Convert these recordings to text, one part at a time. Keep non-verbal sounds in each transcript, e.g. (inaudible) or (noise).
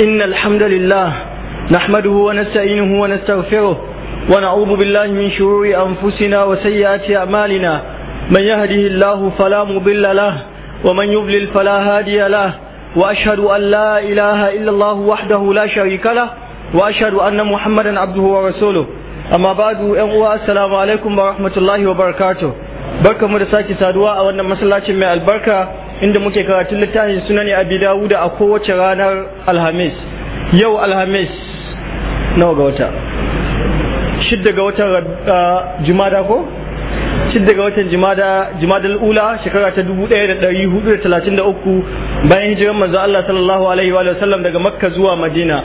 إن الحمد لله نحمده ونستعينه ونستغفره ونعوذ بالله من شرور أنفسنا وسيئات أعمالنا من يهده الله فلا مضل له ومن يضلل فلا هادي له وأشهد أن لا إله إلا الله وحده لا شريك له وأشهد أن محمدا عبده ورسوله أما بعد السلام عليكم ورحمة الله وبركاته barkamu da sake saduwa a wannan masallacin mai albarka inda muke karatun littafin sunani abi dawuda a kowace ranar alhamis yau alhamis nawa ga wata shidda ga watan jumada ko shidda ga watan jumada jumadal ula shekara ta 1433 bayan hijiran manzo Allah sallallahu alaihi wa sallam daga makka zuwa madina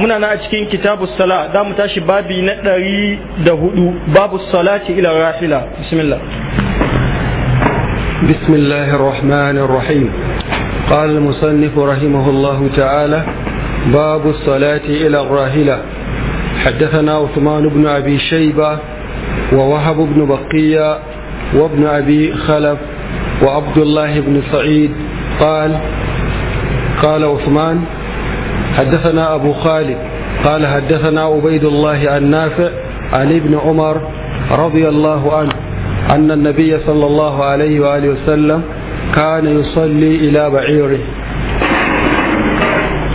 muna na a cikin kitabu sala za mu tashi babi na 104 babu salati ila rahila bismillah بسم الله الرحمن الرحيم قال المصنف رحمه الله تعالى باب الصلاة إلى الراهلة حدثنا عثمان بن أبي شيبة ووهب بن بقية وابن أبي خلف وعبد الله بن سعيد قال قال عثمان حدثنا أبو خالد قال حدثنا عبيد الله عن نافع عن ابن عمر رضي الله عنه أن النبي صلى الله عليه وآله وسلم كان يصلي إلى بعيره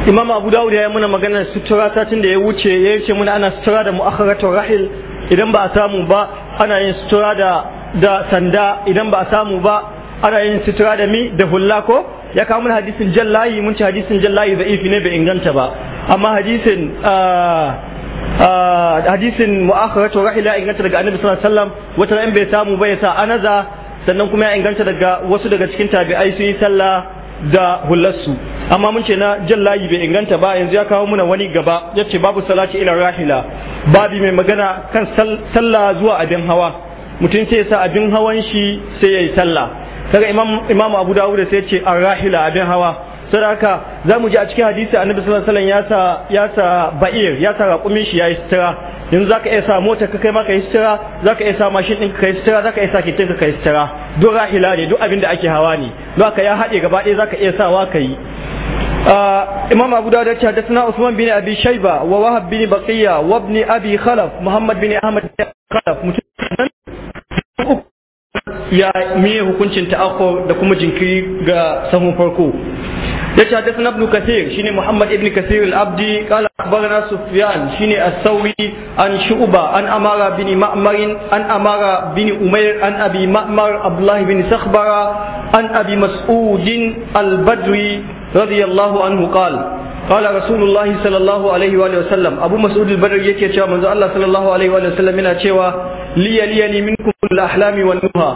imam abu ya yi muna maganar sutura satin da ya wuce ya ce muna ana sutura da mu'akharatul rahil idan ba a samu ba ana sutura da sanda idan ba a samu ba ana yin sutura da mi da hulla ko ya kawo mana hadisin jallayi mun ci hadisin jallayi da ifi ne bai inganta ba amma hadisin Ah, hadisin mu'akhiratu rahila inganta daga annabi sallallahu alaihi wasallam wata ran bai samu ba ya sa anaza sannan kuma ya inganta daga wasu daga cikin tabi'ai su yi sallah da hullarsu amma mun ce na jan layi bai inganta ba yanzu ya kawo muna wani gaba yace babu salati ila rahila babi mai magana kan sallah zuwa abin hawa mutum sai ya sa abin hawan shi sai ya yi sallah kaga imam imam abu dawud sai ya ce ar rahila abin hawa sadaka za mu ji a cikin hadisi annabi sallallahu alaihi wasallam ya sa ba'ir ya sa raƙumin shi ya yi yanzu za ka iya sa mota ka kai maka ka yi sutura za ka iya sa mashin ɗin ka yi sutura za ka iya sa kitin ka yi sutura duk rahila ne duk abin da ake hawa ne don haka ya haɗe gaba ɗaya za ka iya sawa ka yi إمام ah, Usman bin Abi Shayba wa Wahab bin ووهب wa ibn Abi Khalaf Muhammad bin Ahmad bin Khalaf خلف ya miye hukuncin ta'akhur da kuma jinkiri ga sahun farko yace hadathana ibn kathir shine muhammad ibn kathir abdi qala akhbarana sufyan shine as-sawi an amara bin ma'mar an amara bin umair an abi ma'mar abdullah bin sakhbara an abi mas'ud al-badri radiyallahu anhu qala قال رسول الله صلى الله عليه وآله وسلم أبو مسعود البدري يكي cewa manzo Allah alaihi wa sallam yana cewa li yali minkum al-ahlami nuha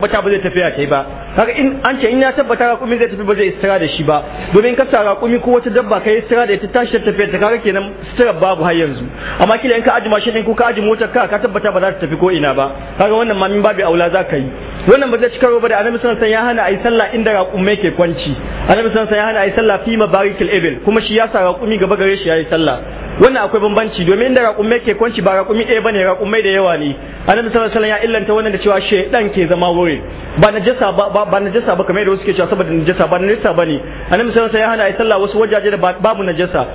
tabbata ba zai tafi a kai ba haka in an ce in ya tabbata raƙumi zai tafi ba zai istira da shi ba domin ka sa raƙumi ko wata dabba ka istira da ita tashi ta ta kaga kenan istira babu har yanzu amma kila in ka aji mashin ɗin ko ka aji motar ka ka tabbata ba za ta tafi ko ina ba kaga wannan ma min babu aula za ka yi wannan ba zai cika ba da annabi sallallahu alaihi ya hana ayi sallah inda raƙumi ke kwanci annabi sallallahu alaihi ya hana ayi sallah fi mabarikil ibil kuma shi ya sa raƙumi gaba gare shi yayi sallah wannan akwai bambanci domin da raƙumai ke kwanci ba raƙumi ɗaya bane raƙumai da yawa ne annabi sallallahu alaihi ya illanta wannan da cewa dan ke zama wurin ba najasa ba ba najasa ba kamar da wasu ke cewa saboda najasa ba najasa bane annabi sallallahu alaihi ya hana ai sallah wasu wajaje da babu najasa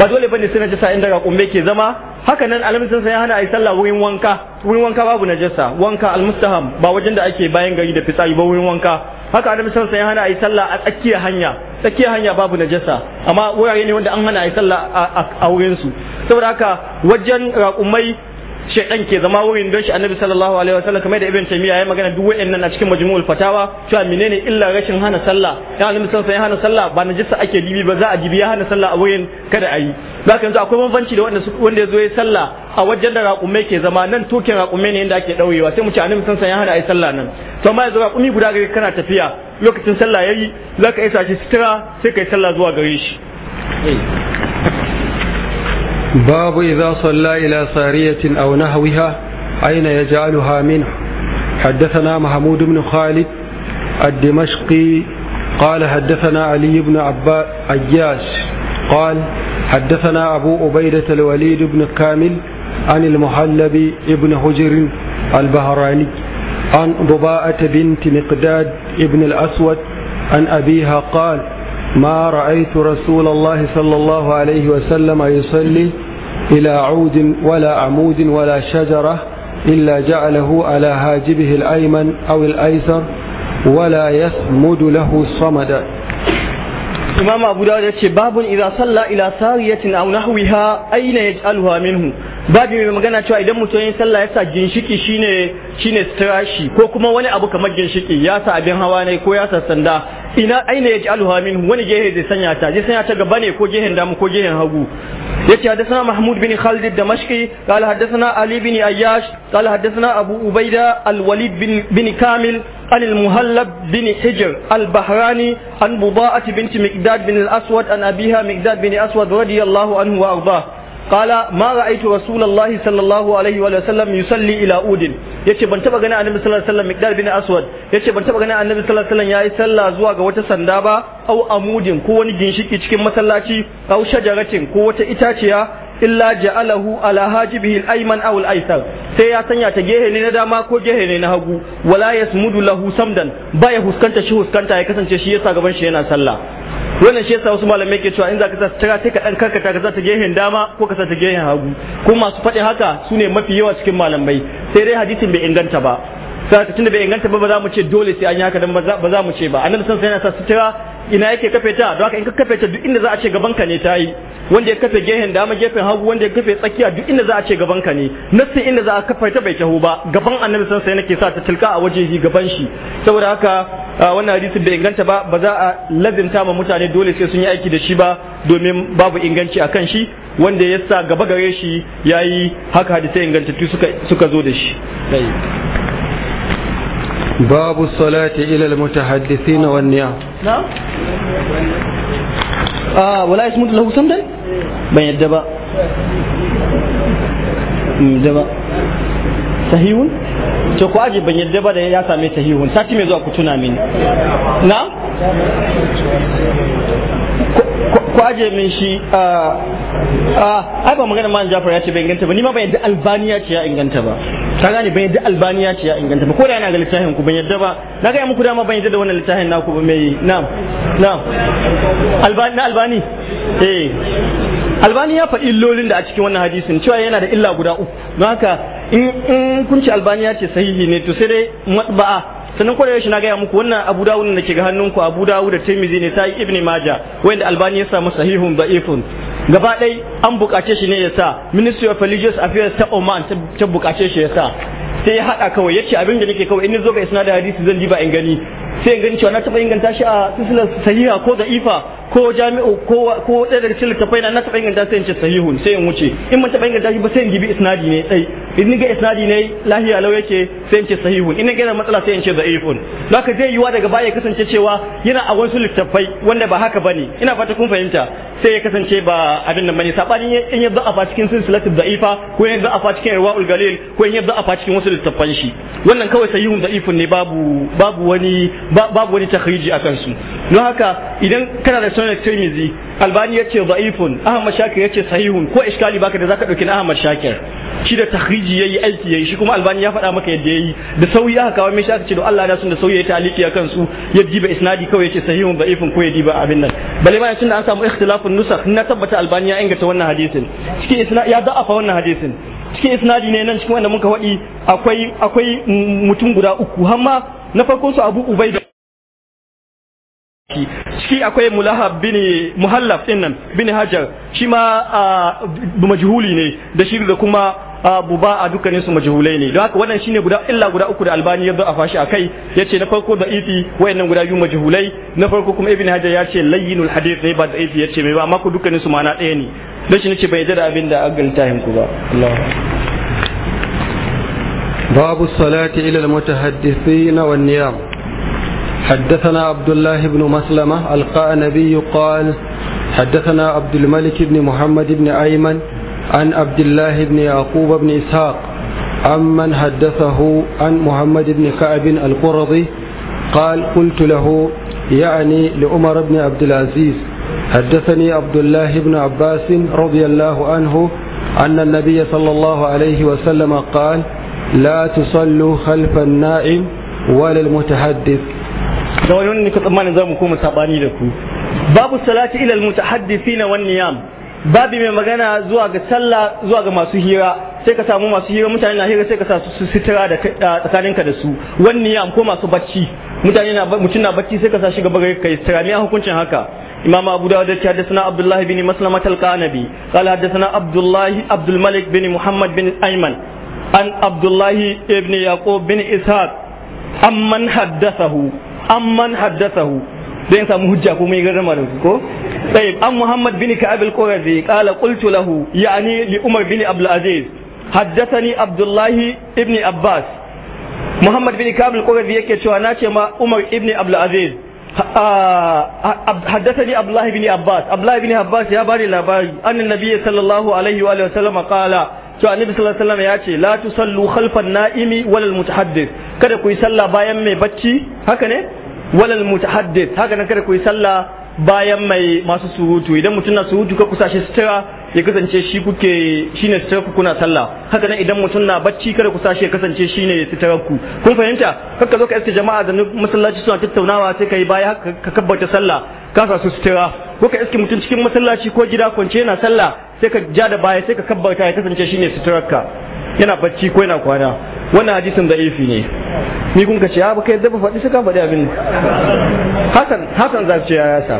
ba dole bane sai najasa inda raƙumai ke zama haka nan annabi sallallahu ya hana ai sallah wurin wanka wurin wanka babu najasa wanka almustaham ba wajen da ake bayan gari da fitsari ba wurin wanka haka annabi sallallahu ya hana ayi sallah a tsakiyar hanya tsakiyar hanya babu najasa amma wurare ne wanda an hana ayi sallah a wurin su saboda haka wajen raƙumai shaidan ke zama wurin don shi annabi sallallahu alaihi wasallam kamar da ibn taymiya ya magana duk wayannan a cikin majmu'ul fatawa cewa menene illa rashin hana sallah ya annabi sallallahu alaihi hana sallah ba najisa ake dibi ba za a dibi ya hana sallah a wurin kada ayi. yi zaka yanzu akwai bambanci da wanda wanda ya zo ya sallah a wajen da raƙumai ke zama nan tokin raƙumai ne inda ake daurewa sai mu ce annabi sallallahu alaihi hana ayi sallah nan to amma yanzu raƙumi guda gari kana tafiya lokacin sallah yayi zaka isa shi sitira sai kai sallah zuwa gare shi باب إذا صلى إلى سارية أو نهوها أين يجعلها منه حدثنا محمود بن خالد الدمشقي قال حدثنا علي بن عباس عياش قال حدثنا أبو أبيدة الوليد بن كامل عن المحلب ابن حجر البهراني عن ضباءة بنت مقداد ابن الأسود عن أبيها قال ما رأيت رسول الله صلى الله عليه وسلم يصلي إلى عود ولا عمود ولا شجرة إلا جعله على هاجبه الأيمن أو الأيسر ولا يسمد له صمدا إمام أبو داود يقول باب إذا صلى إلى سارية أو نحوها أين يجعلها منه babi mai magana cewa idan mutum ya sallah ya sa ginshiki shine shine strashi ko kuma wani abu kamar ginshiki ya sa abin hawa ne ko ya sa sanda ina aina ya ji alhamin wani gehe zai sanya ta zai sanya gaba ne ko gehen damu ko gehen hagu يتي حدثنا محمود بن خالد الدمشقي قال حدثنا علي بن اياش قال حدثنا ابو عبيده الوليد بن, بن كامل عن المهلب بن حجر البحراني عن بضاعة بنت مقداد بن الاسود عن ابيها مقداد بن اسود رضي الله عنه وارضاه qala ma ra'aytu rasulullahi sallallahu wa sallam ila udin yace ban taba ganin annabi sallallahu alaihi wasallam miqdar bin aswad yace ban taba ganin annabi sallallahu alaihi wasallam yayi sallah zuwa ga wata sanda ba au amudin ko wani ginshiki cikin masallaci au shajaratin ko wata itaciya illa alahu ala hajibihi al-ayman aw al sai ya sanya ta gehe ne na dama ko gehe ne na hagu wala yasmudu lahu samdan baya huskanta shi huskanta ya kasance shi yasa gaban shi yana sallah wannan shi yasa wasu malamai ke cewa in za sa sutura sai ka dan karkata ka sa ta gehen dama ko ka sa ta gehen hagu ko masu faɗi haka su ne mafi yawa cikin malamai sai dai hadisin bai inganta ba sai tunda bai inganta ba ba za mu ce dole sai an yi haka dan ba za mu ce ba annabi san sai yana sa sutura ina yake kafe ta don haka in ka kafe ta duk inda za a ce gaban ka ne ta yi wanda ya kafe gehen dama gefen hagu wanda ya kafe tsakiya duk inda za a ce gaban ka ne nassi inda za a kafe ta bai taho ba gaban annabi san sai nake sa ta tilka a shi gaban shi saboda haka wannan hadisi bai inganta ba ba za a lazimta ma mutane dole sai sun yi aiki da shi ba domin babu inganci a kan shi wanda ya sa gaba gare shi yayi haka hadisai ingantattu suka suka zo da shi باب الصلاة إلى المتحدثين والنيام نعم آه ولا يسمد له سمدا بين الدباء دباء sahihun to ko aje ban yadda ba da ya same sahihun sati mai zuwa ku tuna mini na ko aje min shi a ai ba magana man jafar ya ce ban inganta ba ni ma ban yadda albaniya ce ya inganta ba ka gane ban yadda albaniya ce ya inganta ba ko da yana ga littafin ku ban yadda ba na ga muku dama ban yadda da wannan littafin naku ba mai na'am na'am albani albani eh albani ya faɗi illolin da a cikin wannan hadisin cewa yana da illa guda uku don haka in kun ci albaniya ce sahihi ne to sai dai matba'a sannan kwarewa shi na gaya muku wannan abu dawud da ke ga hannunku abu dawud da taimizi ne yi ibni maja wanda albani ya samu sahihun da'ifun gaba ɗai an buƙace shi ne ya sa ministry of religious affairs ta Oman ta buƙace shi ya sa sai ya haɗa kawai ya ce abin da nake kawai in zo ga da hadisi zan ji ba in gani sai gani cewa na taɓa inganta shi a silsilar sahiha ko da ifa ko jami'u ko ko ɗaya daga cikin littafai na taɓa inganta sai in ce sahihun sai in wuce in ban taɓa inganta shi ba sai in gibi isnadi ne tsai in ga isnadi ne lahiya lau yake sai in ce sahihun in ga matsala sai in ce da'ifun haka zai yiwuwa daga baya ya kasance cewa yana a wasu littafai wanda ba haka bane ina fata kun fahimta sai ya kasance ba abin nan bane sabanin in ya fa cikin silsilatu da'ifa ko ya fa cikin irwaul galil ko ya fa cikin wasu littafan shi wannan kawai sahihun da'ifun ne babu babu wani babu wani takhriji a kansu don haka idan kana da sunan tirmizi albani yace dha'ifun ahmad shakir yace sahihun ko iskali baka da zaka dauki ahmad shakir shi da takhriji yayi aiki yayi shi kuma albani ya faɗa maka yadda yayi da sauyi aka kawo mai shaka ce don Allah ya sun da sauyi ya taliki a kansu ya diba isnadi kawai yace sahihun dha'ifun ko ya diba abin nan bale ma tunda an samu ikhtilafun nusakh na tabbata albani ya inganta wannan hadisin cikin isna ya da'afa wannan hadisin cikin isnadi ne nan cikin wanda muka faɗi akwai akwai mutum guda uku har ma na farko su abu da ciki akwai mulahab bin muhallaf din nan bin hajar shi ma majhuli ne da shi da kuma ba a dukkanin su majhulai ne don haka wannan shine guda illa guda uku da albani ya zo a fashi akai yace na farko da ifi wayannan guda biyu majhulai na farko kuma ibn hajar ya ce layyinul hadith ne ba da ifi yace mai ba amma ku dukkanin su ma'ana ɗaya ne dan shi nace bai da abin da agaltahin ku ba Allah باب الصلاة إلى المتحدثين والنيام حدثنا عبد الله بن مسلمة ألقى نبي قال حدثنا عبد الملك بن محمد بن أيمن عن عبد الله بن يعقوب بن إسحاق عمن حدثه عن محمد بن كعب القرظي قال قلت له يعني لعمر بن عبد العزيز حدثني عبد الله بن عباس رضي الله عنه أن النبي صلى الله عليه وسلم قال la tusallu khalfan na'im wala almutahaddith da wani ne ku tsammanin za mu koma sabani da ku babu salati ila almutahaddithina wan niyam babu mai magana zuwa ga sallah zuwa ga masu hira sai ka samu masu hira mutane na hira sai ka sa su sitira da tsakaninka da su wan niyam ko masu bacci mutane na mutum na bacci sai ka sa shi gaba gare ka sitira me hukuncin haka إمام أبو داود حدثنا عبد الله بن مسلمة القانبي قال حدثنا عبد Abdullahi عبد الملك بن محمد بن أيمن an abdullahi ibn yaqub bin ishaq amman haddathahu amman haddathahu zai samu hujja ko mai garma da ko طيب أم محمد بن كعب القرزي قال قلت له يعني لعمر بن عبد العزيز حدثني عبد الله ابن عباس محمد بن كعب القرزي yake cewa na ce ma Umar ibn Abdul Aziz حدثني عبد الله بن عباس عبد الله بن عباس يا بني labari أن النبي صلى الله عليه وآله وسلم قال to annabi sallallahu alaihi wasallam ya ce la tusallu khalfan na'imi walal mutahaddith kada ku yi sallah bayan mai bacci haka ne walal mutahaddith haka ne kada ku yi sallah bayan mai masu surutu idan mutum na surutu ka kusa shi ya kasance shi kuke ne sitarku kuna sallah haka nan idan mutum na bacci kada ku sashi ya kasance shine sitarku kun fahimta kaka zo ka iske jama'a da masallaci suna tattaunawa sai kai baya ka kabbata sallah ka sa su sitira ko ka iske mutum cikin masallaci ko gida kwance yana sallah sai ka ja da baya sai ka kabbata ya kasance shi ne sitarka yana bacci ko yana kwana wannan hadisin da ifi ne ni kun ka ce ya ah, baka yadda faɗi sai ka faɗi abin hasan hasan za ce ya yasa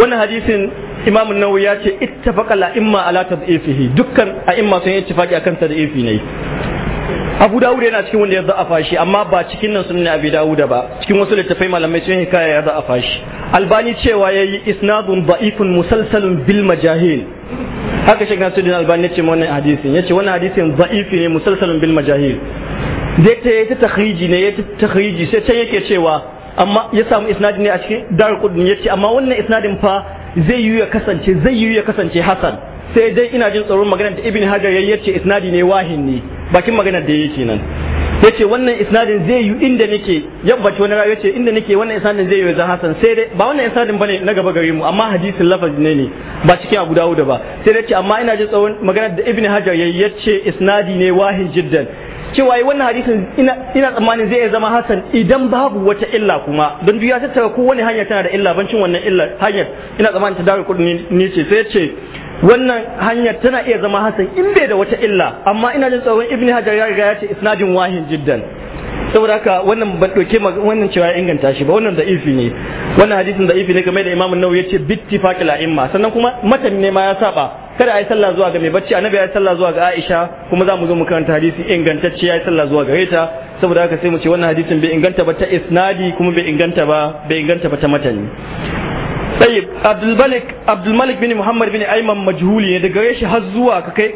wannan hadisin imam nawawi ya ce ittafaqa la imma ala tad'ifihi dukkan a imma sun yi ittifaqi akan tad'ifi ne Abu Dawud yana cikin wanda ya za'afa shi amma ba cikin nan sunna Abi Dawud ba cikin wasu littafai malamai sun hikaya ya za'afa shi Albani cewa yayi isnadun da'ifun musalsalun bil majahil haka shi ga sudin Albani ce wannan hadisin yace wannan hadisin da'ifi ne musalsalun bil majahil dai ta yi ta takhriji ne ya takhriji sai can yake cewa amma ya samu isnadin ne a cikin dar kudin yace amma wannan isnadin fa zai yi ya kasance zai yi ya kasance hasan sai dai ina jin tsoron maganar da ibn hajar ya ce isnadi ne wahin ne bakin maganar da yake nan ya ce wannan isnadin zai yi inda nake yabbace wani rayu ce inda nake wannan isnadin zai yi zan hasan sai dai ba wannan isnadin bane na gaba gare mu amma hadisin lafaz ne ne ba cikin abu da ba sai dai ce amma ina jin tsoron maganar da ibn hajar ya ce isnadi ne wahin jiddan cewa wannan hadisin ina tsammanin zai zama hasan idan babu wata illa kuma don duk ya tattara ko wani hanya tana da illa bancin wannan illa hanyar ina tsammanin ta dawo kudin ne ce sai ce wannan hanyar tana iya zama hasan in bai da wata illa amma ina jin tsoron Ibni hajar ya riga ya ce isnadin wahin jiddan saboda haka wannan ban dauke wannan cewa inganta shi ba wannan da ifi ne wannan hadisin da ifi ne game da imamu nawawi ya ce bittifaqil a'imma sannan kuma matan ne ma ya saba kada a yi sallah zuwa ga mai bacci annabi ya yi sallah zuwa ga Aisha kuma za mu zo mu karanta hadisi ingantacce ya yi sallah zuwa gare ta saboda haka sai mu ce wannan hadisin bai inganta ba ta isnadi kuma bai inganta ba bai inganta ba ta matani طيب عبد الملك bin الملك bin محمد بن ne daga gare shi har zuwa ka kai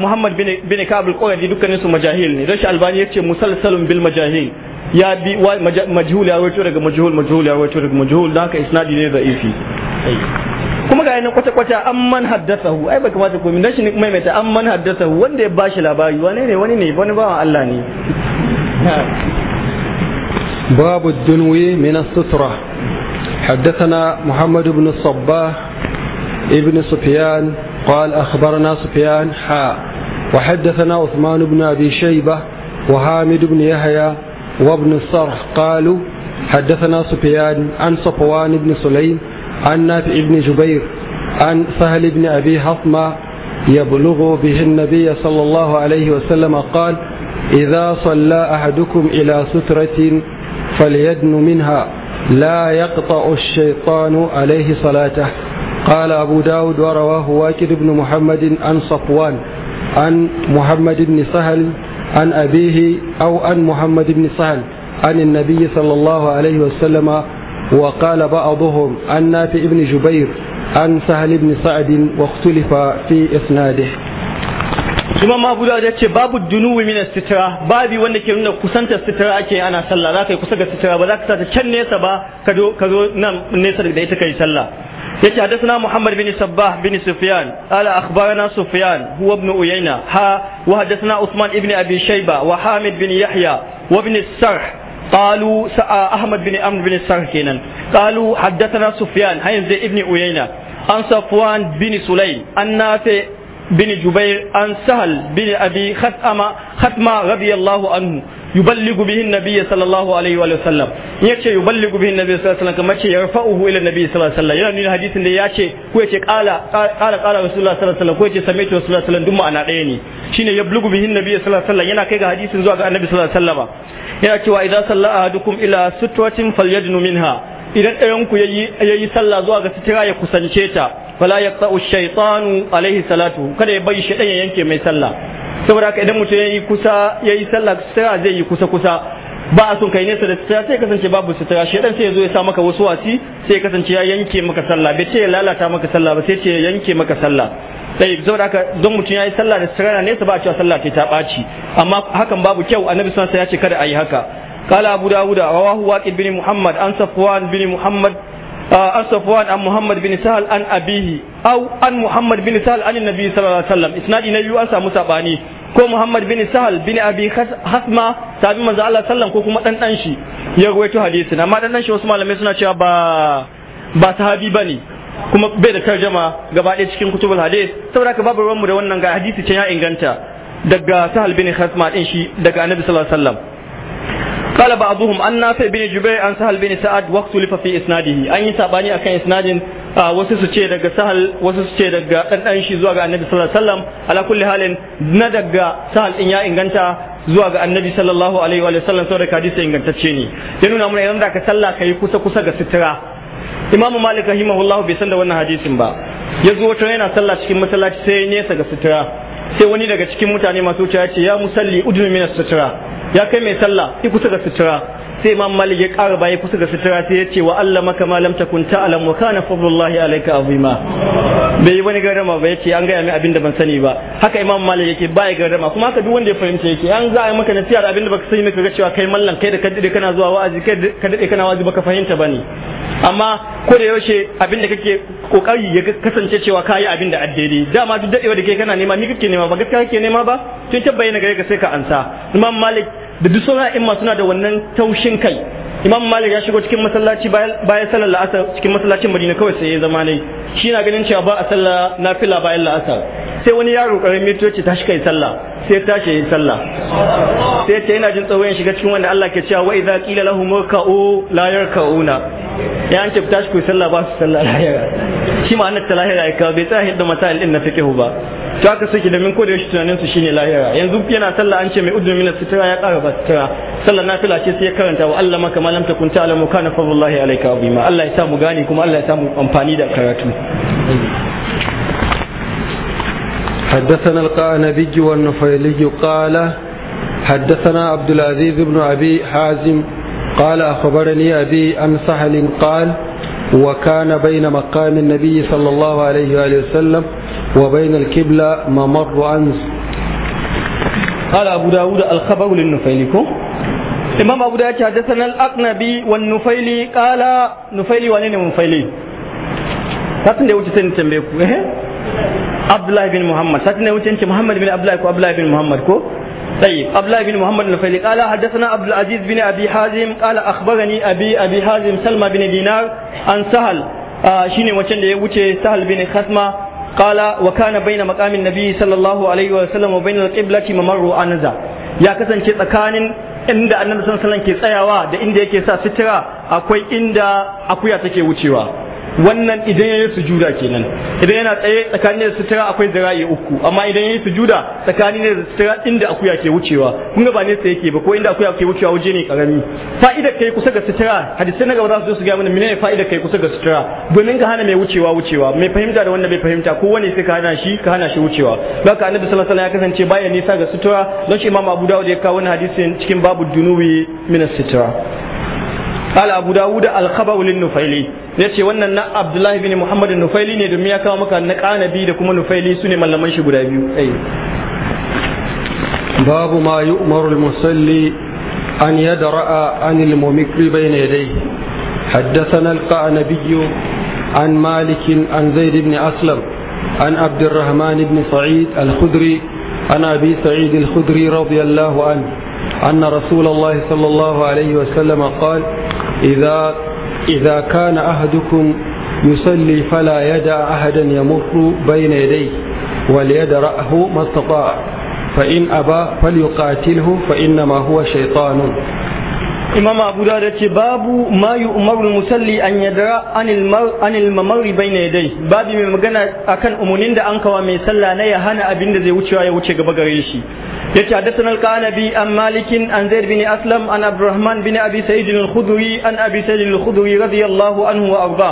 Muhammad bin bin Ka'ab al-Quradi dukkanin su majahil ne dashi Albani yace musalsalun bil majahil ya bi majhul ya wato daga majhul majhul ya wato daga majhul da haka isnadi ne da'ifi wallahi na kwata kwata amman haddathahu ai baka mata ku min shi maimaita amman haddathahu wanda ya bashi labari wane ne wani ne wani bawan Allah ne باب الدنوي من السترة حدثنا محمد بن الصباح ابن سفيان قال أخبرنا سفيان حاء وحدثنا عثمان بن أبي شيبة وحامد بن يحيى وابن الصرح قالوا حدثنا سفيان عن صفوان بن سليم عن نافع بن جبير عن سهل بن أبي حطمة يبلغ به النبي صلى الله عليه وسلم قال إذا صلى أحدكم إلى سترة فليدن منها لا يقطع الشيطان عليه صلاته قال أبو داود ورواه واكد بن محمد عن صفوان عن محمد بن سهل عن أبيه أو عن محمد بن سهل عن النبي صلى الله عليه وسلم وقال بعضهم عن نافع بن جبير عن سهل بن سعد واختلف في إسناده imam abu da ya ce babu dunu min sitira babi wanda ke nuna kusanta sitira ake ana sallah za ka yi kusa ga sitira ba za ka sata can nesa ba ka zo ka zo nan nesa da ita kai sallah yace hadathana muhammad bin sabbah bin sufyan ala akhbarana sufyan huwa ibn uyayna ha wa hadathana usman ibn abi shayba wa hamid bin yahya wa ibn sarh قالوا أحمد بن أمر بن السرح كينا قالوا حدثنا سفيان هاي ابن أيينة an safwan bin sulaim an nafi bin jubair an sahal bin abi khatama khatma radiyallahu anhu yuballighu bihi an-nabiy alaihi wa sallam yace yuballighu bihi an-nabiy sallallahu alaihi wa sallam kamar ce yarfa'uhu ila an-nabiy sallallahu alaihi wa sallam yana nuna hadisin yace ko yace qala qala qala rasulullah sallallahu alaihi wa sallam ko yace sami'tu rasulullah sallallahu alaihi wa duk ma'ana ɗaya ne shine yablughu bihi an-nabiy alaihi wa sallam yana kai ga hadisin zuwa ga annabi sallallahu alaihi wa sallama yana cewa idza salla ahadukum ila sutratin falyadnu minha idan ɗayan ku ya yi sallah zuwa ga sitira ya kusance ta fala tsa'u shaitanu alaihi salatu kada ya bai shaytan ya yanke mai sallah saboda haka idan mutum yi kusa yi sallah sitira zai yi kusa kusa ba a son kai nesa da sitira sai kasance babu sitira ɗan sai ya zo ya sa maka wasu wasi sai ya kasance ya yanke maka sallah bai ce ya lalata maka sallah ba sai ce ya yanke maka sallah sai saboda haka don mutum ya yi sallah da sitira nesa ba a cewa sallah ta ɓaci amma hakan babu kyau annabi sallallahu alaihi wasallam ya ce kada a yi haka قال أبو داود رواه واكد بن محمد عن صفوان بن محمد عن صفوان عن محمد بن سهل عن أبيه أو عن محمد بن سهل عن النبي صلى الله عليه وسلم إسناد ko Muhammad bin Abi Hasma sabi manzo kuma dan ya rawaito hadisin amma dan dan shi wasu malamai suna cewa ba kuma bai da tarjama gaba ɗaya cikin kutubul hadis saboda ka babu ruwanmu da wannan ga hadisi ya inganta daga Sahal bin din shi daga Annabi sallallahu alaihi wasallam قال بعضهم أن نافع بن جبير عن سهل بن سعد واختلف في إسناده أن يتابعني أكن إسناد wasu su ce daga sahal wasu su ce daga ɗanɗan shi zuwa ga annabi sallallahu alaihi wasallam ala kulli halin na daga sahal din ya inganta zuwa ga annabi sallallahu alaihi wa sallam saboda hadisi ingantacce ne ya nuna mana idan da ka sallah kai kusa kusa ga sutura imamu malik rahimahullahu bai san da wannan hadisin ba ya zo wata yana sallah cikin masallaci sai nesa ga sutura sai wani daga cikin mutane masu wuce ya ce ya musalli udun min sutura ya kai mai sallah ya kusa ga sutura sai imam malik ya ƙara baya kusa ga sutura sai ya ce wa Allah maka ma lam takun ta'lam wa kana fadlullahi alayka azima bai yi wani garama ba yace an gaya mai abin da ban sani ba haka imam malik yake baya garama kuma haka duk wanda ya fahimta yake an za a yi maka nasiha da abin da baka sani ka ga cewa kai mallan kai da ka kana zuwa wa'azi kai da ka kana wa'azi baka fahimta bane amma ko da yaushe abinda kake kokari ya kasance cewa kayi abin da addini dama duk dadewa da kai kana nema ni kake nema ba gaskiya kake nema ba tun tabbayi na gare ka sai ka ansa imam malik da duk sauran imma suna da wannan taushin kai imam malik ya shigo cikin masallaci bayan sallar la'asar cikin masallacin madina kawai sai ya zama ne shi na ganin cewa ba a sallah nafila bayan la'asar sai wani yaro karamin to ce tashi kai sallah sai tashi yi sallah sai ce yana jin tsawon shiga cikin wanda Allah ke cewa wa idza qila lahu ka'u la yarka'una ya an ce tashi ku sallah ba su sallah lahira shi ma ta lahira ya kawo bai tsaya hidda masail din na fiqhu ba to haka da domin ko da yashi tunanin su shine lahira yanzu yana sallah an ce mai udun na sitara ya ƙara ba sitira sallah nafila ce sai ya karanta wa Allah maka لم تكن تعلم كان فضل الله عليك عظيما الله يسامو samu gane kuma Allah ya samu amfani حدثنا القانبي والنفيلي قال حدثنا عبد العزيز بن أبي حازم قال أخبرني أبي عن سهل قال وكان بين مقام النبي صلى الله عليه وآله وسلم وبين الكبلة ممر أنس قال أبو داود الخبر للنفيلي imam abu da ya ce haddathana al-aqnabi wan nufaili qala nufaili wane ne nufaili satin da ya wuce sai ni tambaye ku eh abdullahi bin muhammad satin da ya wuce ni muhammad bin abdullahi ko abdullahi bin muhammad ko طيب عبد بن محمد النفيلي قال حدثنا عبد العزيز بن ابي حازم قال اخبرني ابي ابي حازم سلمى بن دينار عن سهل آه شيني وشن سهل بن خثمه قال وكان بين مقام النبي صلى الله عليه وسلم وبين القبلة ممر أنزا يا كسن tsakanin inda annabi sallallahu alaihi wasallam ke tsayawa da inda yake sa sitira akwai inda akuya take wucewa wannan idan ya yi sujuda kenan idan yana tsaye tsakanin da sutura akwai zira'i uku amma idan ya yi sujuda tsakanin da sutura inda akuya ke wucewa kun ga ba ne tsaye ke ba ko inda akuya ke wucewa waje ne karami fa'idar kai kusa ga sutura hadisai na gaba za su zo su ga mana menene fa'idar kai kusa ga sutura domin ka hana mai wucewa wucewa mai fahimta da wanda bai fahimta ko wani sai ka hana shi ka hana shi wucewa don ka annabi sallallahu alaihi wasallam ya kasance baya nisa ga sutura don shi imam abu dawud ya kawo wani hadisin cikin babu dunuwi minas sutura قال أبو داود الخبر للنفيلي yace wannan na Abdullahi bin Muhammad Nufaili ne domin ya kawo maka na kanabi da kuma Nufaili su ne mallaman shi guda biyu babu ma yu'maru musalli an yadra'a an al-mumikri bayna yadayhi haddathana al-qanabi an Malik an Zaid ibn Aslam an Abd rahman ibn Sa'id al-Khudri an Abi Sa'id al-Khudri radiyallahu anhu أن رسول الله صلى الله إذا, إذا كان أحدكم يصلي فلا يدع أحدا يمر بين يديه وليدرأه ما استطاع فإن أبى فليقاتله فإنما هو شيطان imam abu da ce babu ma yi musalli an yadra anil mamari bai na dai babu mai magana akan umunin da an kawa mai sallah na ya hana abin da zai wucewa ya wuce gaba gare shi ya ce haddasa an malikin an zayar bin aslam an abdurrahman bin abi sa'idin al-khuduri an abi sa'idin al-khuduri radiyallahu anhu wa arba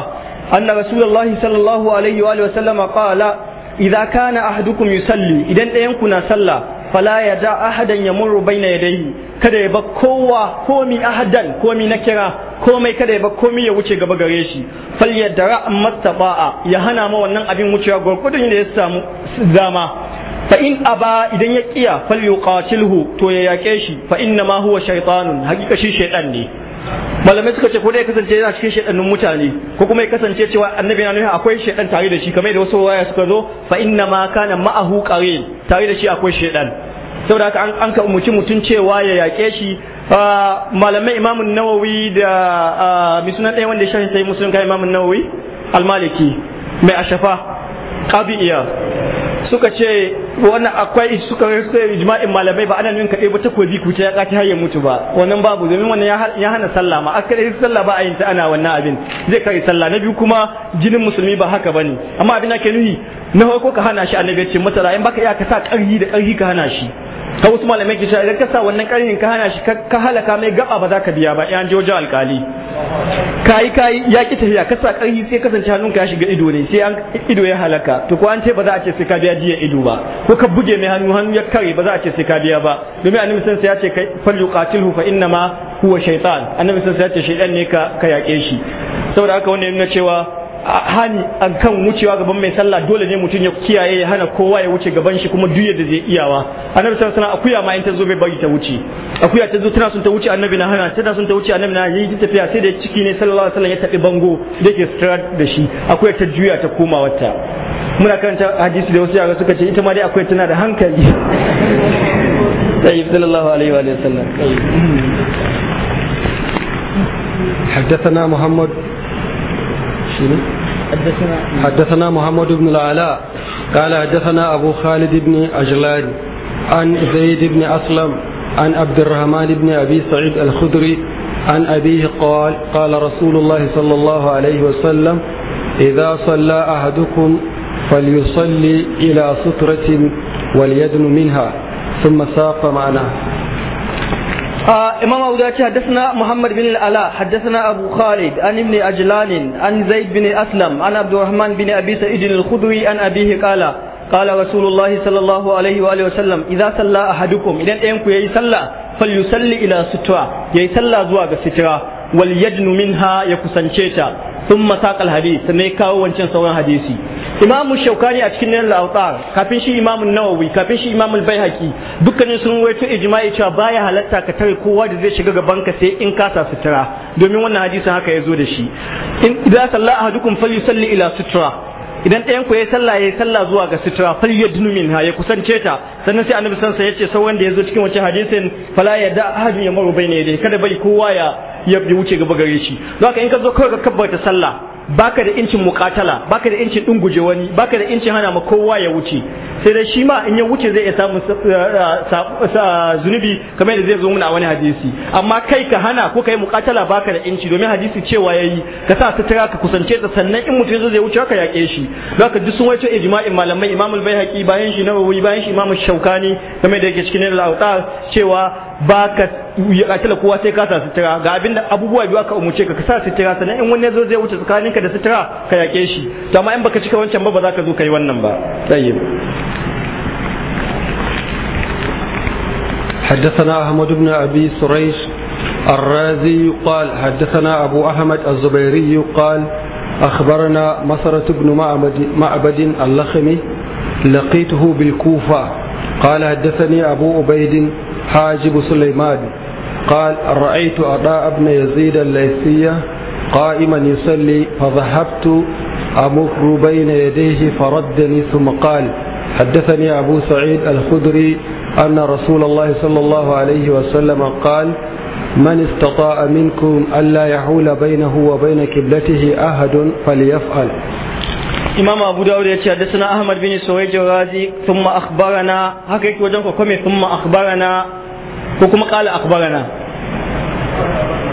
anna rasulullahi sallallahu alaihi wa sallama qala idza kana ahadukum yusalli idan ɗayan ku na sallah fala ya da ahadan ya muru baina yadayhi kada ya ba kowa komi ahadan komi na kira komai kada ya ba komi ya wuce gaba gare shi fal ya dara ba'a ya hana ma wannan abin wucewa gurgudun da ya samu zama fa in aba idan ya kiya fal yuqatilhu to ya yake shi fa inna ma huwa shaytanun hakika shi shaytan ne malamai suka ce ko dai kasance yana cikin shedannin mutane ko kuma ya kasance cewa annabi na nuna akwai shaidan tare da shi kamar da wasu waya suka zo fa inna ma kana ma'ahu qarin tare da shi akwai shaidan saboda haka an an ka umuci mutun cewa ya yake shi malamai imamu nawawi da misunan ɗaya wanda ya shafi sai musulun kai imamu nawawi al-maliki mai ashafa qadiya suka ce wannan akwai suka suka ijma'in malamai ba ana nuna kade ba ta ku ta ya kaci har ya mutu ba wannan babu domin wannan ya hana sallah ma aka dai sallah ba a yin ta ana wannan abin zai kai sallah na biyu kuma jinin musulmi ba haka bane amma abin da ke nuhi na farko ka hana shi annabi ya ce masa in baka iya ka sa karhi da karhi ka hana shi ta wasu malamai ke cewa ka sa wannan karhin ka hana shi ka halaka mai gaba ba za ka biya ba an jojo alkali kayi kayi ya ki tafiya ka sa karhi sai kasance hannun ka ya shiga ido ne sai an ido ya halaka to ko an ce ba za a ce sai ka biya jiya ido ba ko ka buge mai hannu hannu ya kare ba za a ce sai ka biya ba domin annabi sun ya ce kai fal yuqatilhu fa innama huwa shaytan annabi sun ya ce shaytan ne ka ka yake shi saboda haka wannan yana cewa kan wucewa gaban mai sallah dole ne mutum ya kiyaye ya hana kowa ya wuce gaban shi kuma duk yadda zai iyawa annabi sallallahu alaihi akuya ma in ta zo bai bari ta wuce akuya ta zo tana son ta wuce annabi na hana tana son ta wuce annabi na yi tafiya sai da ciki ne sallallahu alaihi wasallam ya tabi bango da ke strad da shi akuya ta juya ta koma wata muna karanta hadisi da wasu yara suka ce ita ma dai akuya tana da hankali sayyid (laughs) sallallahu alaihi عليه وآله وسلم حدثنا محمد شنو؟ حدثنا حدثنا محمد بن العلاء قال حدثنا أبو خالد بن أجلان عن زيد بن أسلم عن عبد الرحمن بن أبي سعيد الخدري عن أبيه قال قال رسول الله صلى الله عليه وسلم إذا صلى أحدكم فليصلي إلى سترة وليدن منها ثم ساق معناه إمام أبو داود حدثنا محمد بن الألاء حدثنا أبو خالد عن ابن أجلان عن زيد بن أسلم عن عبد الرحمن بن أبي سعيد الخدري عن أبيه قال قال رسول الله صلى الله عليه وآله وسلم إذا صلى أحدكم إذا أنكم يصلى فليصلي إلى سترة يصلى زواج سترة wal yadnu minha ya kusanceta Sun masakal hadis sannan kawo wancan sauran hadisi imamu shaukani a cikin nilal autar kafin shi imamu nawawi kafin shi bai haƙi? dukkanin sun waito ijma'i cewa baya halatta ka tare kowa da zai shiga gaban ka sai in kasa sutura domin wannan hadisin haka ya zo da shi in idza salla ahadukum falyusalli ila sutura idan ɗayan ku ya salla ya salla zuwa ga sutura fal yadnu ha ya kusance ta sannan sai annabi sansa ce sauran wanda ya zo cikin wancan hadisin fala ya da ahadun ya bai ne dai kada bai kowa ya ya wuce gaba gare shi don haka in ka zo kawai ka kabbarta sallah baka da incin mukatala baka da incin dunguje wani baka da incin hana ma kowa ya wuce sai dai shi ma in ya wuce zai iya samun eh, zunubi kamar yadda zai zo mun a wani hadisi amma kai ka hana ko kai mukatala baka da inci domin hadisi cewa yayi ka sa sutura ka kusance ta sannan in mutum zai wuce ka yaƙe shi haka duk sun wace ijma'in malamai imamul al-Baihaqi bayan shi Nawawi bayan shi imamul shaukani kamar yadda yake cikin al-Awtar cewa ba ka yakatila kowa sai ka sa sutura ga abin da abubuwa biyu aka umuce ka ka sa sutura sannan in wani yazo zai wuce tsakaninka da sutura ka yake shi to amma in baka cika wancan ba ba za ka zo kai wannan ba tayyib حدثنا أحمد بن أبي سريش الرازي قال حدثنا أبو أحمد الزبيري قال أخبرنا مسرة بن معبد, معبد اللخمي لقيته بالكوفة قال حدثني أبو عبيد حاجب سليمان قال رأيت أضاء بن يزيد الليثية قائما يصلي فذهبت أمر بين يديه فردني ثم قال حدثني أبو سعيد الخدري أن رسول الله صلى الله عليه وسلم قال من استطاع منكم ألا يحول بينه وبين كبلته أحد فليفعل imam abu dawud ya ce haddathana ahmad bin suwayd razi thumma akhbarana haka yake wajen ko kome thumma akhbarana ko kuma qala akhbarana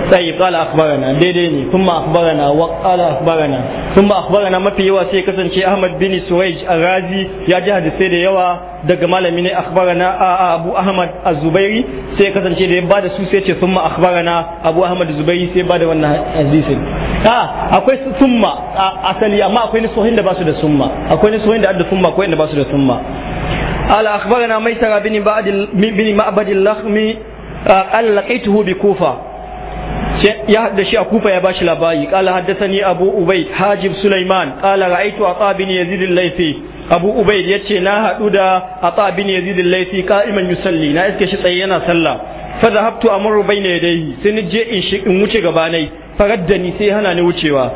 sai qala akhbarana daidai ne kuma akhbarana wa qala akhbarana kuma akhbarana mafi yawa sai kasance Ahmad bin Suwaij Arazi ya ji hadisai da yawa daga malami ne akhbarana Abu Ahmad Az-Zubairi sai kasance da ya bada su sai ce kuma akhbarana Abu Ahmad Az-Zubairi sai bada wannan hadisin a akwai summa asali amma akwai nisuhin da ba su da summa akwai nisuhin da adda summa akwai da ba su da summa قال أخبرنا ميسر بن معبد اللخمي قال bi بكوفة ya hadda shi a kufa ya bashi labari qala haddathani abu ubayd hajib sulaiman kala ra'aytu ata bin yazid al-laythi abu ubayd yace na hadu da ata bin yazid al-laythi qa'iman yusalli na iske shi tsaye yana sallah fa zahabtu amru bayna yadayhi sai ni je in shi in wuce gaba nai faraddani sai hana ni wucewa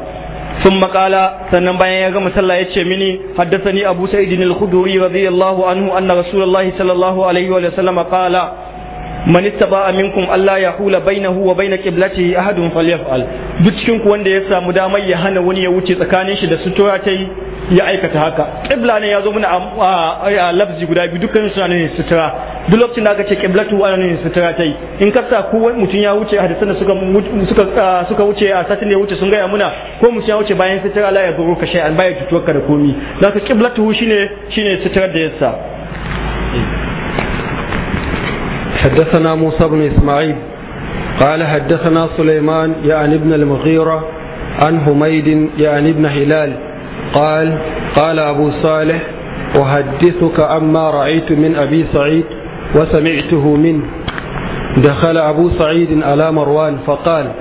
sun makala sannan bayan ya gama sallah yace mini haddathani abu sa'id al-khudri radiyallahu anhu anna rasulullahi sallallahu alaihi wa sallam qala man istata'a minkum Allah ya hula bainahu wa bain qiblatihi ahadun falyaf'al duk cikin ku wanda ya samu dama ya hana wani ya wuce tsakanin shi da sutura ta ya aikata haka qibla ne ya zo muna a lafzi guda biyu dukkan suna ne sutura duk lokacin da aka ce qiblatu ana ne sutura ta in ka sa ku mutum ya wuce hadisan da suka suka suka wuce a satin ya wuce sun gaya muna ko mutum ya wuce bayan sutura la ya zuru ka shay'an baya tutuwar ka da komi zaka qiblatu shine shine suturar da ya sa حدثنا موسى بن إسماعيل قال حدثنا سليمان يعني ابن المغيرة عن حميد يعني ابن هلال قال قال أبو صالح أحدثك عما رأيت من أبي سعيد وسمعته منه دخل أبو سعيد على مروان فقال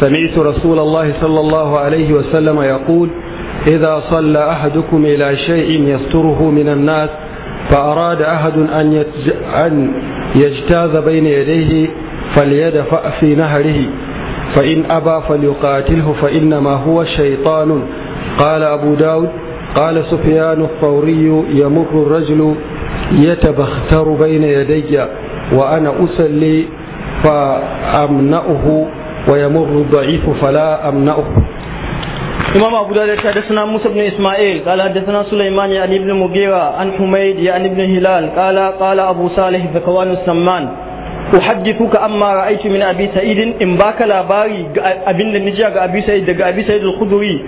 سمعت رسول الله صلى الله عليه وسلم يقول إذا صلى أحدكم إلى شيء يستره من الناس فأراد أحد أن أن يجتاز بين يديه فليدفع في نهره فإن أبى فليقاتله فإنما هو شيطان قال أبو داود قال سفيان الثوري يمر الرجل يتبختر بين يدي وأنا أسلي فأمنأه ويمر الضعيف فلا أمنأه إمام أبو داود حدثنا موسى بن إسماعيل قال حدثنا سليمان يعني ابن مغيرة عن حميد يعني ابن هلال قال قال أبو صالح ذكوان السمان أحدثك أما رأيت من أبي سعيد إن باك لاباري أبن نجا أبي سعيد دقى أبي سعيد الخدري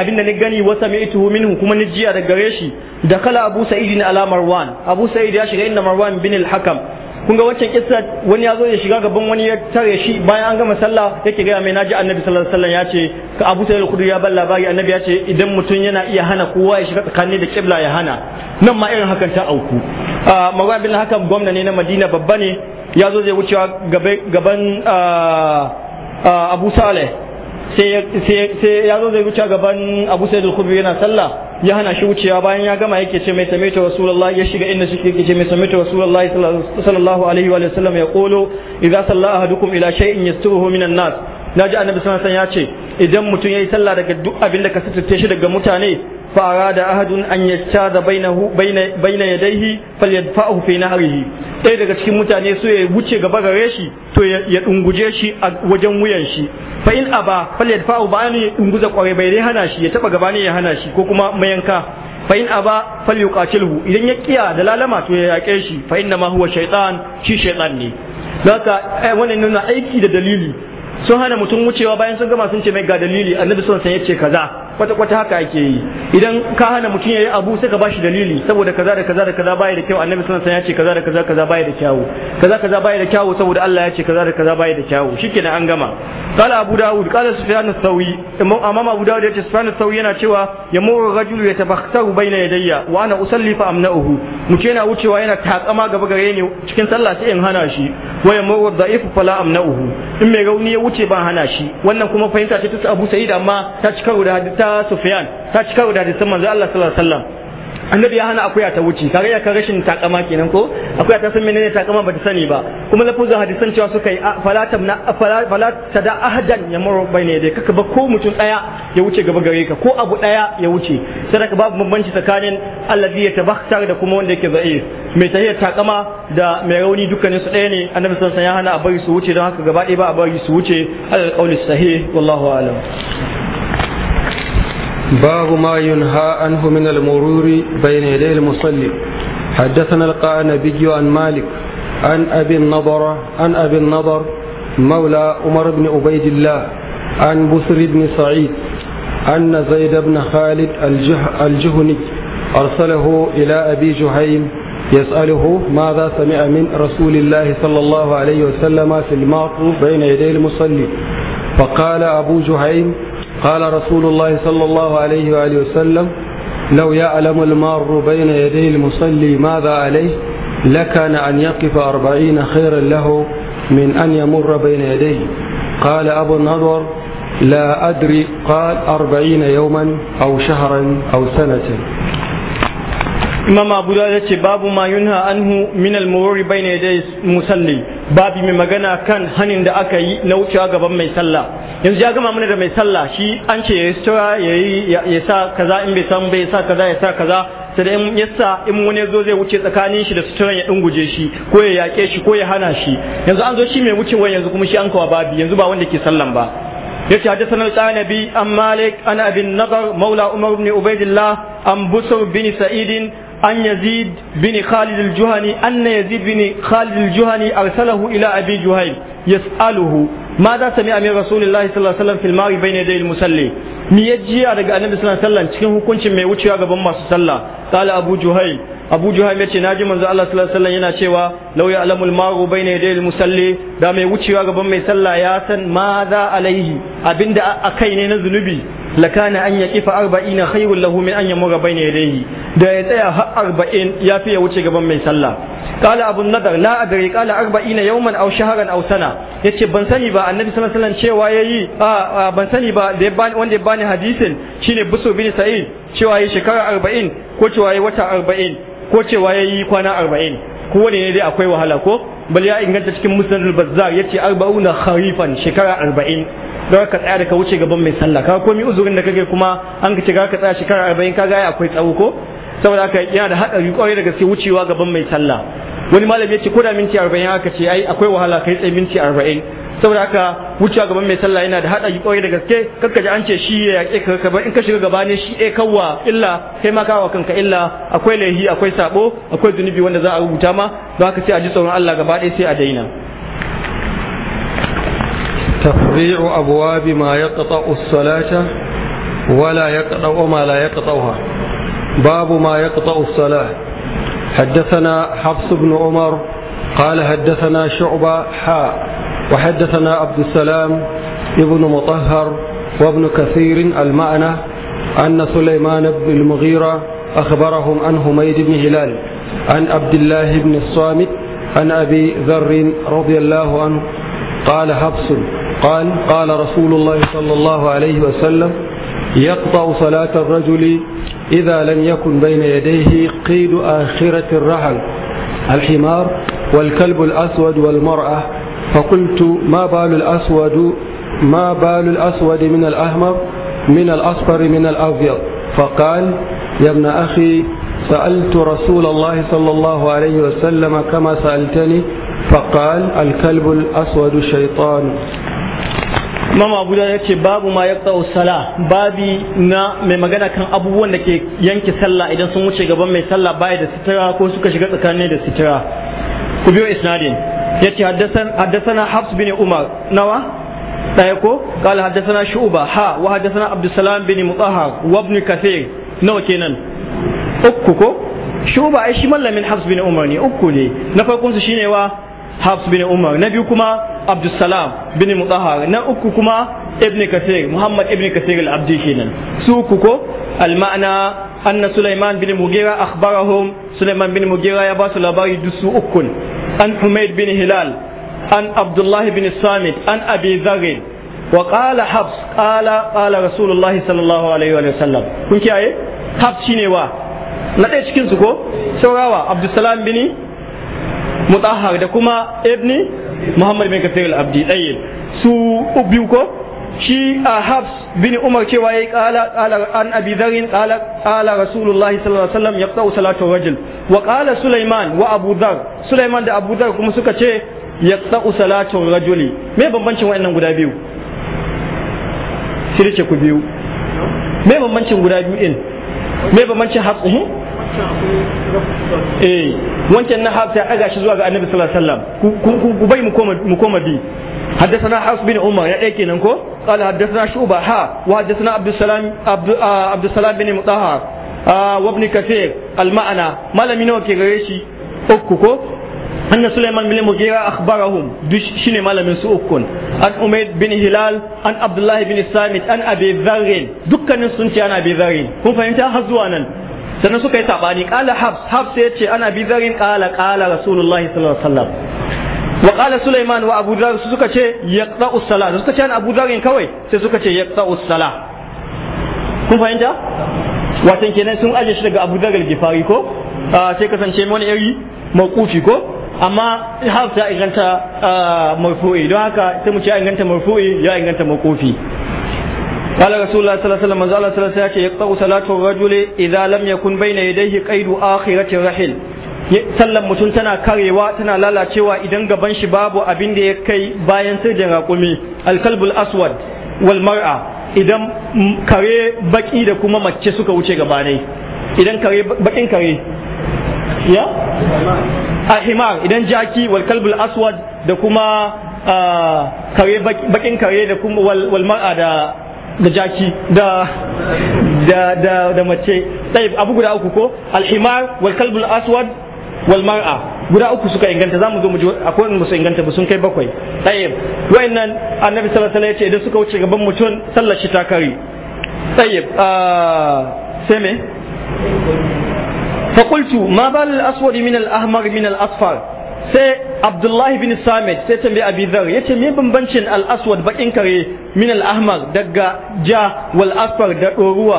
abin da ni gani wata mai ituhu minhu kuma ni jiya daga gare shi da kala abu sa'idin ala marwan abu sa'id ya shiga inda marwan bin al-hakam kun ga wancan kissa wani ya zo ya shiga gaban wani ya tare shi bayan an gama sallah yake gaya mai naji annabi sallallahu alaihi wasallam ya ce ka Abu Sa'id khudri ya bar labari annabi ya ce idan mutum yana iya hana kowa ya shiga tsakanin da kibla ya hana nan ma irin hakan ta auku magana bin hakan gwamna ne na Madina babba ne ya zo zai wucewa gaban Abu Saleh sai ya zo zai wuce gaban abu sai khudri yana sallah ya hana shi wucewa bayan ya gama yake ce mai samaita rasulullahi ya shiga inda shi yake ce mai samaita rasulullahi sallallahu alaihi wa sallam ya qulu idza salla ahadukum ila shay'in yasturuhu minan nas naji annabi sallallahu alaihi ya ce idan mutum yayi sallah daga duk abin da ka sututte shi daga mutane فأراد أحد أن يجتاز بينه بين بين يديه فليدفعه في نهره ɗaya daga cikin mutane su ya wuce gaba gare shi to ya dunguje shi a wajen wuyan shi fa in aba falyadfa'u ba dunguza kwarai bai dai hana shi ya taba gaba ne ya hana shi ko kuma mayanka fa in aba falyuqatilhu idan ya kiya da lalama to ya yake shi fa inna ma huwa shaytan shi shaytan ne haka wannan nuna aiki da dalili sun hana mutum wucewa bayan sun gama sun ce mai ga dalili annabi son san ce kaza kwata-kwata haka ake yi idan ka hana mutum yayi abu sai ka bashi dalili saboda kaza da kaza da kaza baya da kyau annabi sallallahu alaihi wasallam ya ce kaza da kaza kaza baya da kyau kaza kaza baya da kyau saboda Allah ya ce kaza da kaza baya da kyau shikenan an gama qala abu daud qala sufyan as-sawi imam abu daud ce sufyan as-sawi yana cewa ya yamuru rajulu yatabakhtaru baina yadayya wa ana usalli fa amna'uhu mutum yana wucewa yana takama gaba gare ni cikin sallah sai in hana shi wa yamuru dha'ifu fala amna'uhu in mai rauni ya wuce ban hana shi wannan kuma fahimta ce ta Abu Sa'id amma ta cika da hadita sufyan ta ci karo da hadisan manzo Allah sallallahu alaihi wasallam annabi ya hana akuya ta wuce kaga ya kan rashin takama kenan ko akuya ta san menene takama bata sani ba kuma lafuzin hadisan cewa suka yi fala falata da ahdan ya muru bayne dai kaka ba ko mutum daya ya wuce gaba gare ka ko abu daya ya wuce sadaka babu bambanci tsakanin allazi ya tabakhtar da kuma wanda yake za'if mai tahiyar takama da mai rauni dukkanin su daya ne annabi sallallahu alaihi wasallam ya hana a bari su wuce don haka gaba daya ba a bari su wuce alal qawli sahih wallahu a'lam باب ما ينهى عنه من المرور بين يدي المصلي حدثنا القانبي عن مالك عن أبي النضر عن أبي النضر مولى عمر بن عبيد الله عن بسر بن سعيد أن زيد بن خالد الجه الجهني أرسله إلى أبي جهيم يسأله ماذا سمع من رسول الله صلى الله عليه وسلم في المعطوف بين يدي المصلي فقال أبو جهيم قال رسول الله صلى الله عليه وآله وسلم لو يعلم المار بين يدي المصلي ماذا عليه لكان أن يقف أربعين خيرا له من أن يمر بين يديه قال أبو النظر لا أدري قال أربعين يوما أو شهرا أو سنة إمام أبو دادة باب ما ينهى yunha من المرور بين يدي bayna باب musalli babi كان هنين kan hanin da aka yi yanzu ya gama mana da mai sallah shi an ce ya sura ya yi ya sa kaza in bai san bai sa kaza ya sa kaza sai in ya sa in wani zo zai wuce tsakanin shi da suturan ya dinguje shi ko ya yake shi ko ya hana shi yanzu an zo shi mai wucewa yanzu kuma shi an kawa babi yanzu ba wanda ke sallan ba yace hadathana al-qanabi an malik an abin nadar maula umar ibn ubaidillah an busur bin sa'id an yazid bin khalid al-juhani anna yazid bin khalid al-juhani arsalahu ila abi juhayl yas'aluhu من رسول الله amin الله sallallahu alaihi في fil بين يدي المصلي مي mi yajiya النبي صلى الله عليه وسلم cikin hukuncin mai wucewa gaban masu sallah قال ابو جهيل ابو جهيل yace ce na ji صلى الله عليه وسلم yana cewa law ya al maru bayna al musalli da mai wucewa gaban mai sallah ya san ma za alaihi abinda akai ne na zunubi lakana an ya kifa arba'ina khairul lahu min an yamura bayna yadayhi da ya tsaya har arba'in ya fi ya wuce gaban mai sallah qala abun nadar la adri qala arba'ina yawman aw shahran aw sana yace ban sani ba annabi sallallahu alaihi wasallam cewa yayi ban sani ba da bani wanda ya bani hadisin shine busu bin sa'id cewa yayi shekara arba'in ko cewa yayi wata arba'in ko cewa yayi kwana arba'in kowane ne dai akwai wahala ko bal ya inganta cikin musnadul bazzar yace arba'una kharifan shekara arba'in don ka tsaya da ka wuce gaban mai sallah ka komi uzurin da kake kuma an ka ce ka tsaya shekara arba'in ka gaya akwai tsawo ko saboda haka yana da haɗari kwarai da gaske wucewa gaban mai sallah wani malami ya ce koda minti arba'in aka ce ai akwai wahala kai tsaye minti arba'in saboda haka wucewa gaban mai sallah yana da haɗari kwarai da gaske kanka ji an ce shi ya yaƙe ka ba in ka shiga gaba ne shi ɗaya kawwa illa kai ma wa kanka illa akwai laihi akwai sabo akwai zunubi wanda za a rubuta ma don haka sai a ji tsoron Allah gaba ɗaya sai a daina تفضيع أبواب ما يقطع الصلاة ولا يقطع وما لا يقطعها باب ما يقطع الصلاة حدثنا حفص بن عمر قال حدثنا شعبة حاء وحدثنا عبد السلام ابن مطهر وابن كثير المعنى أن سليمان بن المغيرة أخبرهم عن حميد بن هلال عن عبد الله بن الصامت عن أبي ذر رضي الله عنه قال حفص قال قال رسول الله صلى الله عليه وسلم يقطع صلاة الرجل إذا لم يكن بين يديه قيد آخرة الرحل الحمار والكلب الأسود والمرأة فقلت ما بال الأسود ما بال الأسود من الأحمر من الأصفر من الأبيض فقال يا ابن أخي سألت رسول الله صلى الله عليه وسلم كما سألتني فقال الكلب الأسود شيطان mama Abu Dawud yace babu ma ya tsawo sala babi na mai magana kan abubuwan da ke yanke sallah idan sun wuce gaban mai sallah baya da sitira ko suka shiga tsakanin da sitira ku biyo isnadin yace haddasan haddathana Hafs bin Umar nawa ɗaya ko qala shi Shu'ba ha wa haddathana Abdussalam bin Mutahhar wa ibn Kathir nawa kenan uku ko Shu'ba ai shi mallamin Hafs bin Umar ne uku ne na farkon su shine wa Hafs bin Umar na biyu kuma abdussalam bin mutahhar na uku kuma ibn kasir muhammad ibn kasir al-abdi kenan su uku ko al-ma'na anna sulaiman bin mugira akhbarahum sulaiman bin mugira ya ba su labari dusu ukun an humayd bin hilal an bin samit an abi dharr wa qala habs qala qala sallallahu alaihi wa sallam kun kiyaye habs shine wa na ɗaya cikin su ko saurawa bin da kuma ibni muhammad bin kasir al-abdi ɗaye su biyu ko shi a habs bin umar cewa ya qala qala an abi dharr qala qala rasulullahi sallallahu alaihi wasallam yaqta'u salatu rajul wa qala sulaiman wa abu dhar sulaiman da abu dhar kuma suka ce yaqta'u salatu rajuli me bambancin wayannan guda biyu ku biyu me bambancin guda biyu din me bambancin habs uhm? eh wancan na hafsa ya daga shi zuwa ga annabi sallallahu alaihi wasallam ku ku bai mu koma bi حدثنا حفص بن عمر يا ديكي ننكو قال حدثنا شعبة ها وحدثنا عبد السلام عبد, آه عبد السلام بن مطهر آه وابن كثير المعنى ما لم ينوكي غريشي أن سليمان بن أخبرهم دوش شيني ما لم أميد بن هلال عبد الله بن أبي ذر أبي ذر هزوانا sannan suka yi sabani qala habs habs ya ce ana bi zarin qala qala rasulullahi sallallahu alaihi wasallam wa qala sulaiman wa abu dhar suka ce yaqta'u salat suka ce ana abu dharin kawai sai suka ce yaqta'u usala. kun fahimta wato kenan sun aje shi daga abu dhar al-gifari ko ah, sai kasance wani iri mawqufi ko amma ya inganta ah, marfu'i don haka sai mu ce inganta marfu'i ya inganta mawqufi قال رسول الله صلى الله عليه وسلم قال صلى الله عليه يقطع صلاة الرجل إذا لم يكن بين يديه قيد آخرة الرحل sallan mutum tana karewa tana lalacewa idan gaban shi babu abin da ya kai bayan sirjin raƙumi alkalbul aswad wal mar'a idan kare baki da kuma mace suka wuce gabanai idan kare bakin kare ya a himar idan jaki wal kalbul aswad da kuma kare bakin kare da kuma wal mar'a da da jaki da da da da mace tayyib abu guda uku ko al-himar wal kalbul aswad wal mar'a guda uku suka inganta zamu zo mu ji akwai wanda su inganta ba sun kai bakwai tayyib wayannan annabi sallallahu alaihi wasallam ya ce idan suka wuce gaban mutum sallar shi ta kare tayyib ah, sai me فقلت aswad min al ahmar min al asfar sai abdullahi bin samit sai tambayi abi ya ce me bambancin al aswad bakin kare min al daga ja wal asfar da ɗoruwa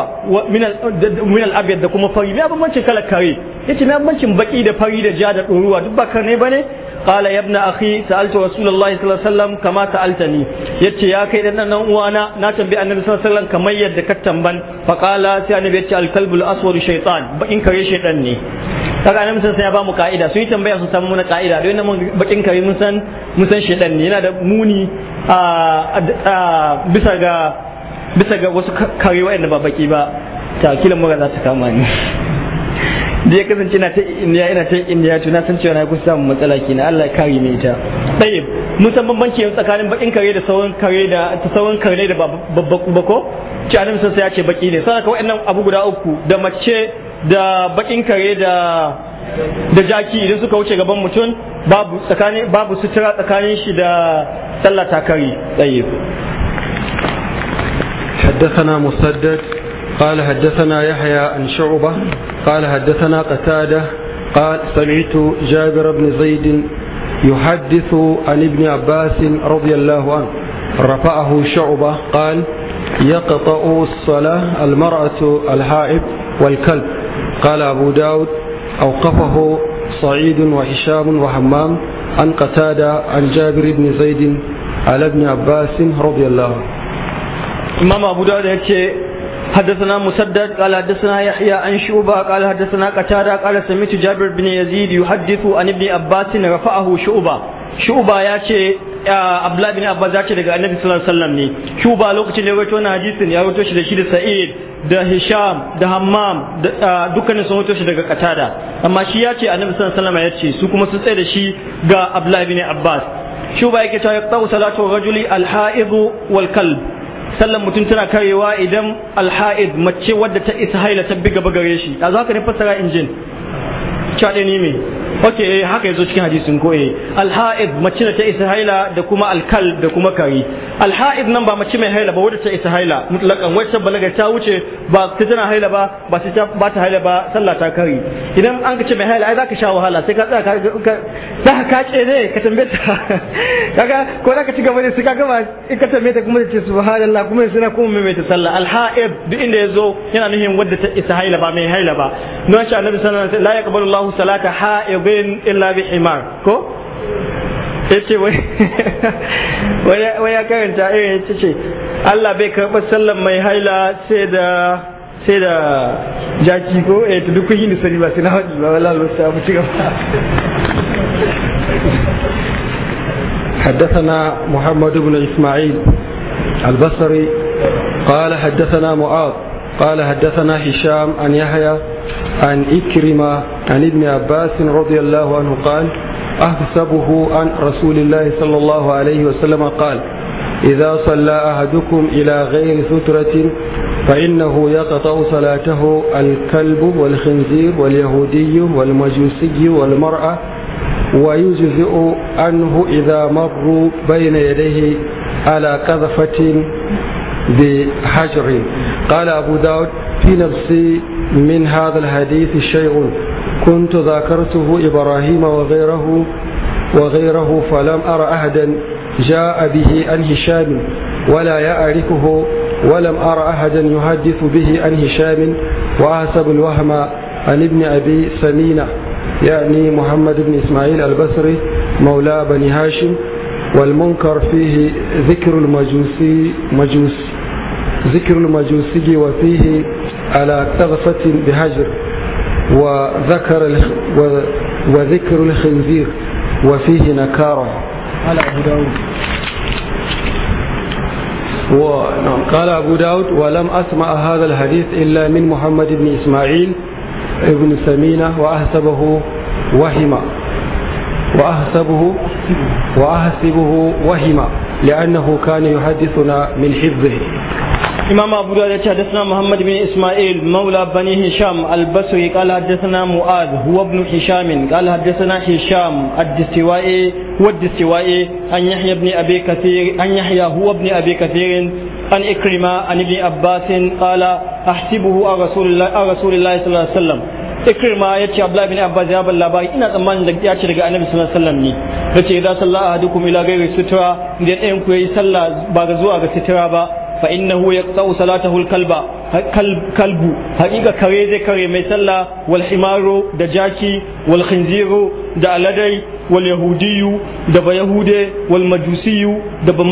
min al da kuma fari me bambancin kalar kare ya ce me bambancin baki da fari da ja da ɗoruwa duk ba kare bane qala ya ibna akhi sa'altu rasulullahi sallallahu alaihi wasallam kama sa'altani yace ya kai dan nan uwana na tambayi annabi sallallahu alaihi wasallam kamar yadda ka tamban fa qala sai annabi yace al kalbul aswad shaytan bakin kare shaytan ne kaga annabi sun ya ba mu ka'ida su yi tambaya su samu mana ka'ida don nan bakin kare mun san mun san shedan ne yana da muni a bisa ga bisa ga wasu kare waɗanda ba baki ba ta kila mura za ta kama ni (laughs) da ya kasance na ta indiya ina ta indiya to na san cewa na kusa samun matsala kina Allah ya kare ni ita tayyib mun san bambanci tsakanin bakin kare da sauran kare da sauran kare da babba ko ci annabi sun ya ce baki ne sai ka wa'annan abu guda uku da mace da bakin kare da da jaki idan suka wuce gaban mutum babu tsakanin babu sutura tsakanin shi da sallah takari tsaye حدثنا مسدد قال حدثنا يحيى عن شعبة قال حدثنا قتادة قال سمعت جابر بن زيد يحدث عن ابن عباس رضي الله عنه رفعه شعبة قال يقطع الصلاة المرأة الحائب والكلب قال أبو داود أوقفه صعيد وهشام وهمام عن قتادة عن جابر بن زيد على ابن عباس رضي الله إمام أبو داود حدثنا مسدد قال حدثنا يحيى عن شعبة قال حدثنا قتادة قال سمعت جابر بن يزيد يحدث عن ابن عباس رفعه شعبة شعبة يا abdullah bin abbas ya ce daga annabi sallallahu alaihi wasallam ne shi ba lokacin da ya wato na hadisin ya wato shi da shi da sa'id da hisham da hammam dukkanin sun wato shi daga qatada amma shi ya ce annabi sallallahu alaihi wasallam ya ce su kuma sun tsaye da shi ga abdullah bin abbas shi ba yake cewa yaqta salatu rajuli al-ha'id wal kalb sallan mutum tana karewa idan al mace wadda ta isa haila ta biga bagare shi a zaka ne fassara injin cewa ne me ok eh haka yazo cikin hadisin ko eh alha'id mace ta isa haila da kuma alkal da kuma kari alha'id nan ba mace mai haila ba wadda ta isa haila mutlakan wacce balaga ta wuce ba ta tana haila ba ba ta ba ta haila ba sallah ta kari idan an ka ce mai haila ai zaka sha wahala sai ka tsaya ka za ka ce ne ka tambaye ta (laughs) kaga ko zaka ci gaba ne sai kaga ba in ka tambaye ta kuma ta ce subhanallah kuma sai na kuma mai ta sallah alha'id duk inda yazo yana nuhin wadda ta isa haila ba mai haila ba nan sha annabi sallallahu alaihi wasallam la yaqbalu Allahu salata ha'id harbin illa bi himar ko yace wai wai ya karanta irin yace ce Allah bai karɓa sallan mai haila sai da sai da jaki ko eh to duk kun yi nisari ba sai na haɗi ba wallahi ba sai mu ci gaba حدثنا محمد بن إسماعيل البصري قال حدثنا معاذ قال حدثنا هشام عن يحيى عن إكرمة عن ابن عباس رضي الله عنه قال أحسبه عن رسول الله صلى الله عليه وسلم قال إذا صلى أحدكم إلى غير سترة فإنه يقطع صلاته الكلب والخنزير واليهودي والمجوسي والمرأة ويجزئ عنه إذا مروا بين يديه على قذفة بحجر قال أبو داود في نفسي من هذا الحديث شيء كنت ذاكرته إبراهيم وغيره وغيره فلم أرى أحدا جاء به عن هشام ولا يعرفه ولم أرى أحدا يحدث به عن هشام وأحسب الوهم عن ابن أبي سمينة يعني محمد بن إسماعيل البصري مولى بني هاشم والمنكر فيه ذكر المجوسي مجوس ذكر المجوسي وفيه على تغفة بهجر وذكر وذكر الخنزير وفيه نكارة على أبو داود وقال نعم. أبو داود ولم أسمع هذا الحديث إلا من محمد بن إسماعيل ابن سمينة وأحسبه وهما وأحسبه وأحسبه وهما لأنه كان يحدثنا من حفظه imam abu da ce hadasana muhammad bin isma'il maula bani hisham albasri qala hadasana mu'ad huwa ibn hisham qala hadasana hisham ad-distiwai an yahya ibn abi kathir an yahya huwa an ikrima an ibn abbas qala ahsibuhu a sallallahu alaihi wasallam ikrima ya ce abdullahi bin abbas ya bar labari ina tsammanin da ya daga annabi sallallahu alaihi wasallam ne ya ce idan sallah ahadukum ila ghairi sutra inda ɗayan ku yayi sallah ba ga zuwa ga sutura ba fa innahu yaqta'u salatahu al-kalba kalbu haƙiƙa kare zai kare mai sallah wal himaru da jaki wal khinziru da aladai wal yahudiyu da ba yahude wal majusiyu da ba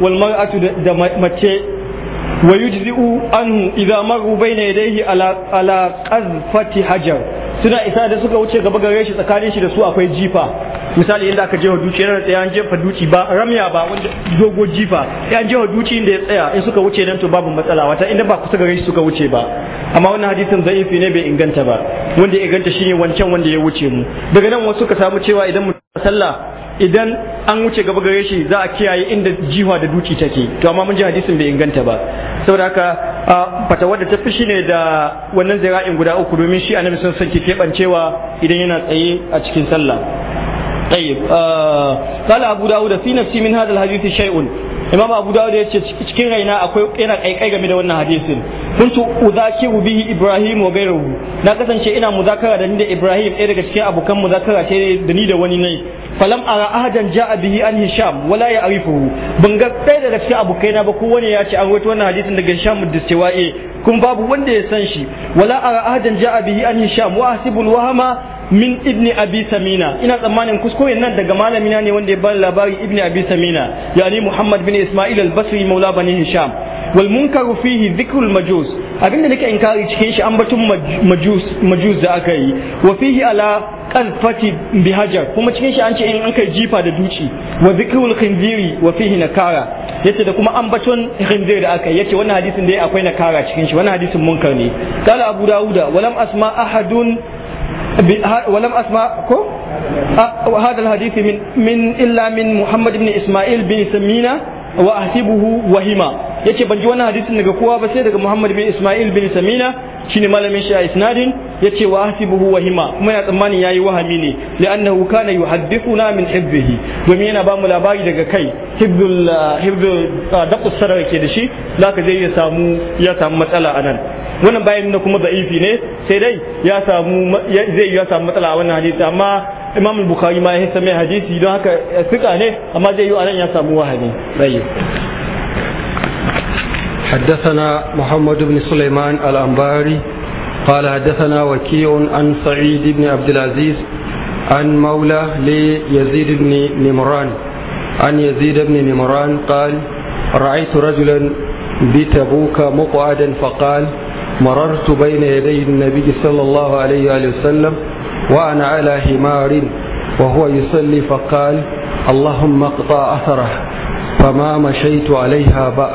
wal mar'atu da mace wa yujzi'u anhu idza maru bayna yadayhi ala ala qazfati hajar suna isa da suka wuce gaba gare shi tsakanin shi da su akwai jifa misali inda aka jefa duci yana tsaya an jefa duci ba ramya ba wanda dogo jifa an jefa duci inda ya tsaya in suka wuce nan to babu matsala wata inda ba kusa gare shi suka wuce ba amma wannan hadisin za'ifi ne bai inganta ba wanda ya inganta shine wancan wanda ya wuce mu daga nan wasu suka samu cewa idan mutum sallah idan an wuce gaba gare shi za a kiyaye inda jiwa da duci take to amma mun ji hadisin bai inganta ba saboda haka fata wadda ta fi shine da wannan zira'in guda uku domin shi annabi sun sanki keɓancewa idan yana tsaye a cikin sallah tayyib qala abu dawud fi nafsi min imam abu dawud ya ce cikin raina akwai yana kaikai game da wannan hadisin kuntu udhakiru bihi ibrahim wa ghayruhu na kasance ina muzakara da ni da ibrahim ɗaya daga cikin abokan muzakara ce da ni da wani ne falam ara ahadan ja'a bihi an hisham wala ya ban ga ɗaya daga cikin abokaina ba ko wani ya ce an rawaito wannan hadisin daga hisham da cewa eh kun babu wanda ya san shi wala ara ahadan ja'a bihi an hisham wa hasibul wahama min ibni abi samina ina tsammanin kuskure nan daga malamina ne wanda ya bani labari ibni abi samina yani muhammad bin isma'il al-basri maula bani hisham wal munkaru fihi dhikrul majus abinda nake inkari cikin shi ambaton majus majus da aka yi wa fihi ala qalfati bihajar kuma cikin shi an ce in an kai jifa da duci wa dhikrul khinziri wa fihi nakara yace da kuma ambaton khinzir da aka yi yace wannan hadisin da akwai nakara cikin shi wannan hadisin munkar ne qala abu dauda walam asma ahadun ولم أسمع هذا الحديث من من إلا من محمد بن إسماعيل بن سمينة wa ahsibuhu wahima yace ban ji wannan hadisin daga kowa ba sai daga Muhammad bin Isma'il bin Samina shine malamin shi a isnadin yace wa ahsibuhu wahima kuma ya tsammani yayi wahami ne li'annahu kana yuhaddithuna min hibbihi domin yana ba mu labari daga kai hibdul hibdul ah, daqus sarar ke da shi zaka je ya samu ya samu matsala anan wannan bayan kuma da'ifi ne sai dai ya samu zai ya samu matsala a wannan hadisi amma imam bukhari ma ya same hadisi don haka sika ne amma zai yi nan ya samu wahani bai حدثنا محمد بن سليمان الأنباري قال حدثنا وكيع عن سعيد بن عبد العزيز عن مولى ليزيد بن نمران عن يزيد بن نمران قال رأيت رجلا بتبوك مقعدا فقال مررت بين يدي النبي صلى الله عليه وسلم وأنا على حمار وهو يصلي فقال اللهم اقطع أثره فما مشيت عليها بعد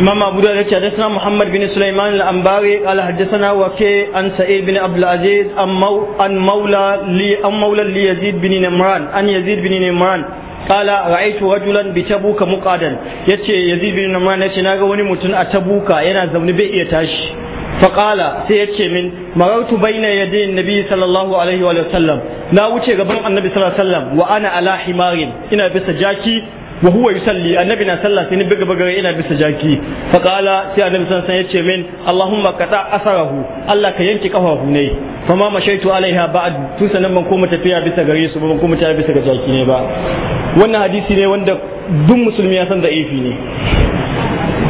إمام أبو داود حدثنا محمد بن سليمان الأنباري قال حدثنا وكي عن سعيد بن عبد العزيز عن مولى لي عن مولى ليزيد بن نمران عن يزيد بن نمران قال رأيت رجلا بتبوك مقعدا يتي يزيد بن نمران يتي ناغا وني متن أتبوك ينا زوني بي يتاشي faqala sai yace min marautu baina yadi nabi sallallahu alaihi wa sallam na wuce gaban annabi sallallahu alaihi wa sallam ina bisa jaki wa huwa yusalli annabi na sallah sai ni buga buga ina bisa jaki fa sai annabi sallallahu alaihi yace min allahumma qata asarahu allah ka yanke kafafu ne fa ma mashaitu alaiha ba'd tun sanan ban tafiya bisa gare su bisa ga jaki ne ba wannan hadisi ne wanda duk musulmi ya san daifi ne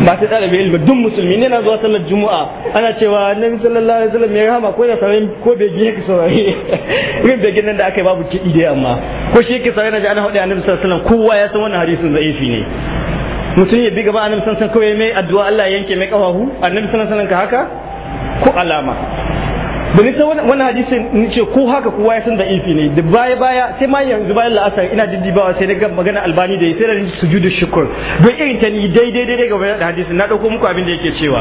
ba ta tsara bai ilimi duk musulmi ne na zuwa sallar juma'a ana cewa annabi sallallahu alaihi wasallam ya rahama ko ya saurayi ko bai gina ka saurari (laughs) irin bai ginin da aka yi babu kiɗi dai amma ko shi yake saurari na ji ana haɗe annabi sallallahu alaihi wasallam kowa ya san wannan hadisin za'ifi ne mutum ya bi gaba annabi sallallahu alaihi wasallam kawai mai addu'a Allah ya yanke mai kafafu annabi sallallahu alaihi wasallam ka haka ko alama domin sai wannan hadisin ni ce ko haka kowa ya san da ifi ne da baya baya sai ma yanzu bayan la'asar ina diddibawa sai daga magana albani da ya sai da ni sujudu shukur don irin ta ni daidai daidai ga da hadisi na dauko muku abin da yake cewa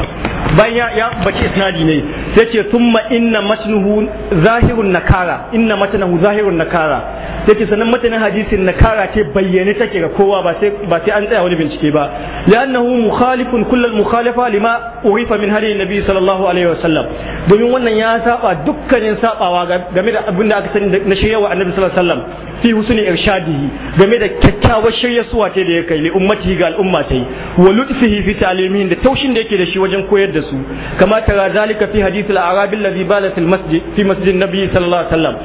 bayan ya bace isnadi ne sai ce thumma inna matnuhu zahirun nakara inna matnuhu zahirun nakara sai ce sanan matanin hadisin nakara ce bayyane take ga kowa ba sai ba sai an tsaya wani bincike ba li'annahu mukhalifun kullal mukhalifa lima urifa min hadisi nabi sallallahu alaihi wasallam domin wannan ya sa saba dukkanin sabawa game da abin da aka sani na shiryawa annabi sallallahu alaihi wasallam fi husni irshadihi game da kyakkyawar shirya suwa ta da ya kai li ummati ga al'umma ta wa lutfihi fi ta'limihi da taushin da yake da shi wajen koyar da su kama tara zalika fi hadith al-arabi alladhi bala fil masjid fi masjid nabi sallallahu alaihi wasallam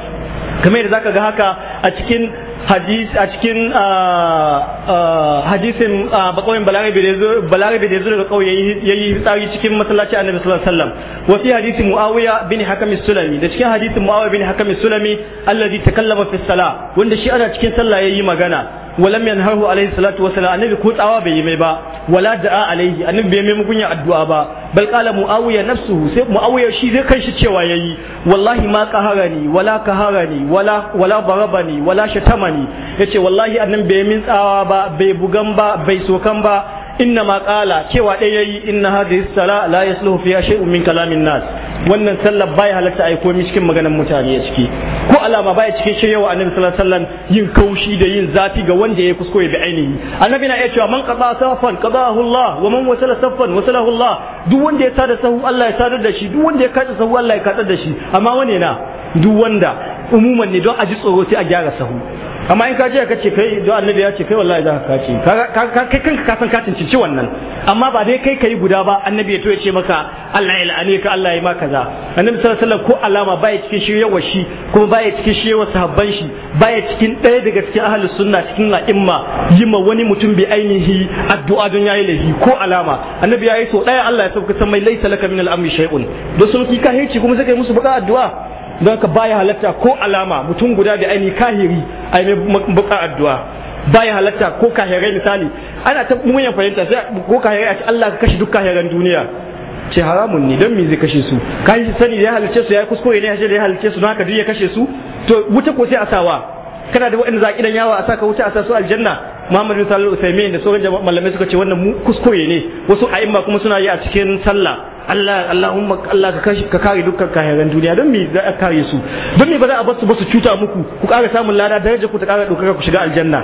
kamar yadda zaka ga haka a cikin hadisi a cikin uh, uh, hadisin uh, bakawin balarabe da ya zo daga kauye ya yi tsari cikin masallaci annabi sallallahu alaihi wasallam wa hadisi muawiya bin hakam sulami da cikin hadisin muawiya bin hakam sulami allazi takallama fi sala wanda shi ana cikin sallah yayi magana walam yanhahu alaihi salatu wasalam annabi ko tsawa bai yi mai ba wala da'a alaihi annabi bai mai mugunya addu'a ba bal qala muawiya nafsuhu sai muawiya shi zai kai kanshi cewa ya yi wallahi ma qaharani wala qaharani wala wala barabani wala shatamani yace wallahi annabi bai min tsawa ba bai bugan ba bai sokan ba inna ma qala cewa dai yayi inna hadhihi sala la yasluhu fiha shay'un min kalamin nas wannan sallar baya halatta ai komai cikin maganar mutane a ciki ko alama baya cikin shi yawa annabi sallallahu alaihi wasallam yin kaushi da yin zafi ga wanda ya kuskure bi ainihi annabi na iya cewa man qada safan qadahu Allah wa man wasala safan wasalahu Allah duk wanda ya sada sahu Allah ya sadar da shi duk wanda ya kada sahu Allah ya kada da shi amma wane na duk wanda umuman ne don a ji tsoro sai a gyara sahu amma in ka je ka ce kai da annabi ya ce kai wallahi za ka kace kai kanka ka san kacin cinci wannan amma ba dai kai kai guda ba annabi ya to ya ce maka Allah ya la'ane ka Allah ya ma kaza annabi sallallahu alaihi wasallam ko alama baya cikin shi yawa shi kuma baya cikin shi yawa sahabban shi baya cikin ɗaya daga cikin ahlus sunna cikin la'imma yi ma wani mutum bi ainihi addu'a don yayi lahi ko alama annabi ya yi so ɗaya Allah ya sauka san mai laisa laka min al-amri shay'un don sun ki ka hici kuma sai kai musu baka addu'a don ka baya halatta ko alama mutum guda da aini kahiri a yi buka addu'a baya halatta ko kahirai misali ana ta munyan fahimta sai ko kahirai a ce Allah ka kashe duk kahiran duniya ce haramun ne don me zai kashe su kai sani da ya halice su ya kuskure ne ya da ya halice su don haka duk ya kashe su to wuta ko sai a sawa kana da waɗanda zaki dan yawa a saka wuta a sa su aljanna Muhammad bin Alaihi Wasallam da sauran malamai suka ce wannan kuskure ne wasu a'imma kuma suna yi a cikin sallah Allah umma Allah ka kashi ka kare dukkan kayan duniya don me za a kare su don me ba za a bar su ba su cuta muku ku kare samun lada daraja ku ta kare dokar ku shiga aljanna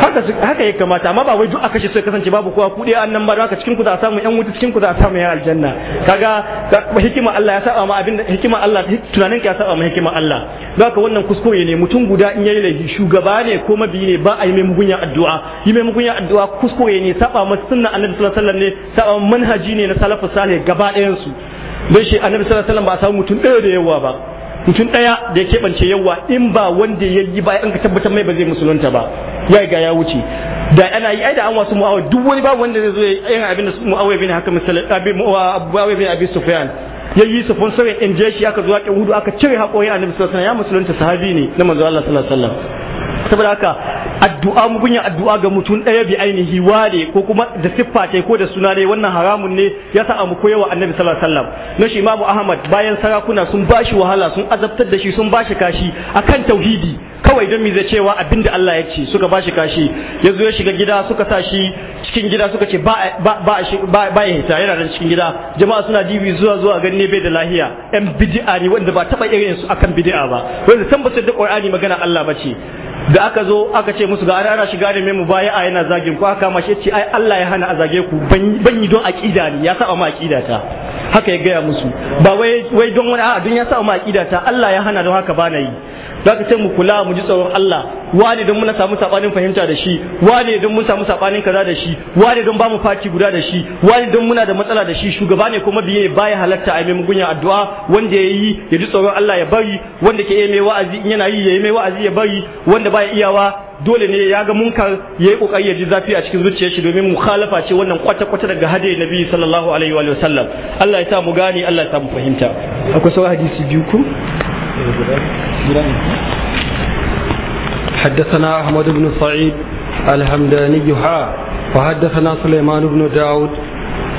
haka haka ya kamata amma ba wai duk a kashe sai kasance babu kowa ku an annan ba haka cikin ku za a samu yan wuta cikin ku za a samu ya aljanna kaga hikima Allah ya saba ma abin hikima Allah tunanin ka ya saba ma hikima Allah ba haka wannan kuskure ne mutum guda in yayi laifi shugaba ne ko mabi ne ba a yi mai mugunya addu'a yi mai mugunya addu'a kuskure ne saba ma sunna annabi sallallahu alaihi wasallam ne saba manhaji ne na salafus salih gaba ɗayan su don shi annabi sallallahu alaihi wasallam ba a samu mutum ɗaya da yawa ba mutum ɗaya da ya keɓance yawa in ba wanda ya yi ba an ka tabbatar mai ba zai musulunta ba ya ga ya wuce da ana yi ai da an wasu mu'awai duk wani ba wanda zai zo yi abin da mu'awai bin haka misali abin mu'awai bin abi sufyan ya yi su fon sauyin in je shi aka zuwa a hudu aka cire haƙoƙi annabi sallallahu alaihi wasallam ya musulunta sahabi ne na manzo Allah sallallahu alaihi wasallam saboda haka addu'a gunya addu'a ga mutum daya bi ainihi wale ko kuma da siffa ce ko da suna ne wannan haramun ne ya sa mu koyawa annabi sallallahu alaihi wasallam na shi imamu ahmad bayan sarakuna sun bashi wahala sun azabtar da shi sun bashi kashi akan tauhidi kawai don mi zai cewa abinda Allah ya ce suka bashi kashi ya zo ya shiga gida suka sa shi cikin gida suka ce ba ba ya hita yana cikin gida jama'a suna dibi zuwa zuwa ganin bai da lahiya yan bid'a ne wanda ba taba irin su akan bid'a ba wanda san da Qur'ani magana Allah bace da aka zo aka ce musu ga ana shiga da mai a yana zagin ku aka mashi ce ai Allah ya hana a zage ku ban yi don aqida ne ya saba ma aqida ta haka ya gaya musu ba wai wai don wani a'a don ya saba ma aqida ta Allah ya hana don haka ba na yi zaka ce mu kula mu ji tsoron Allah wane don muna samu sabanin fahimta da shi wane don mun samu sabanin kaza da shi wane don bamu faki guda da shi wane don muna da matsala da shi shugaba ne kuma biye baya halatta a mai gunya addu'a wanda ya yi ya ji tsoron Allah ya bari wanda ke mai wa'azi in yana yi ya yi mai wa'azi ya bari wanda baya iyawa dole ne ya ga munkar ya yi kokari ya ji zafi a cikin zuciyar shi domin mukhalafa ce wannan kwata kwata daga na nabi sallallahu alaihi wa sallam Allah ya sa mu gane Allah ya sa mu fahimta akwai sauran hadisi biyu ku حدثنا أحمد بن سعيد الهمداني ها وحدثنا سليمان بن داود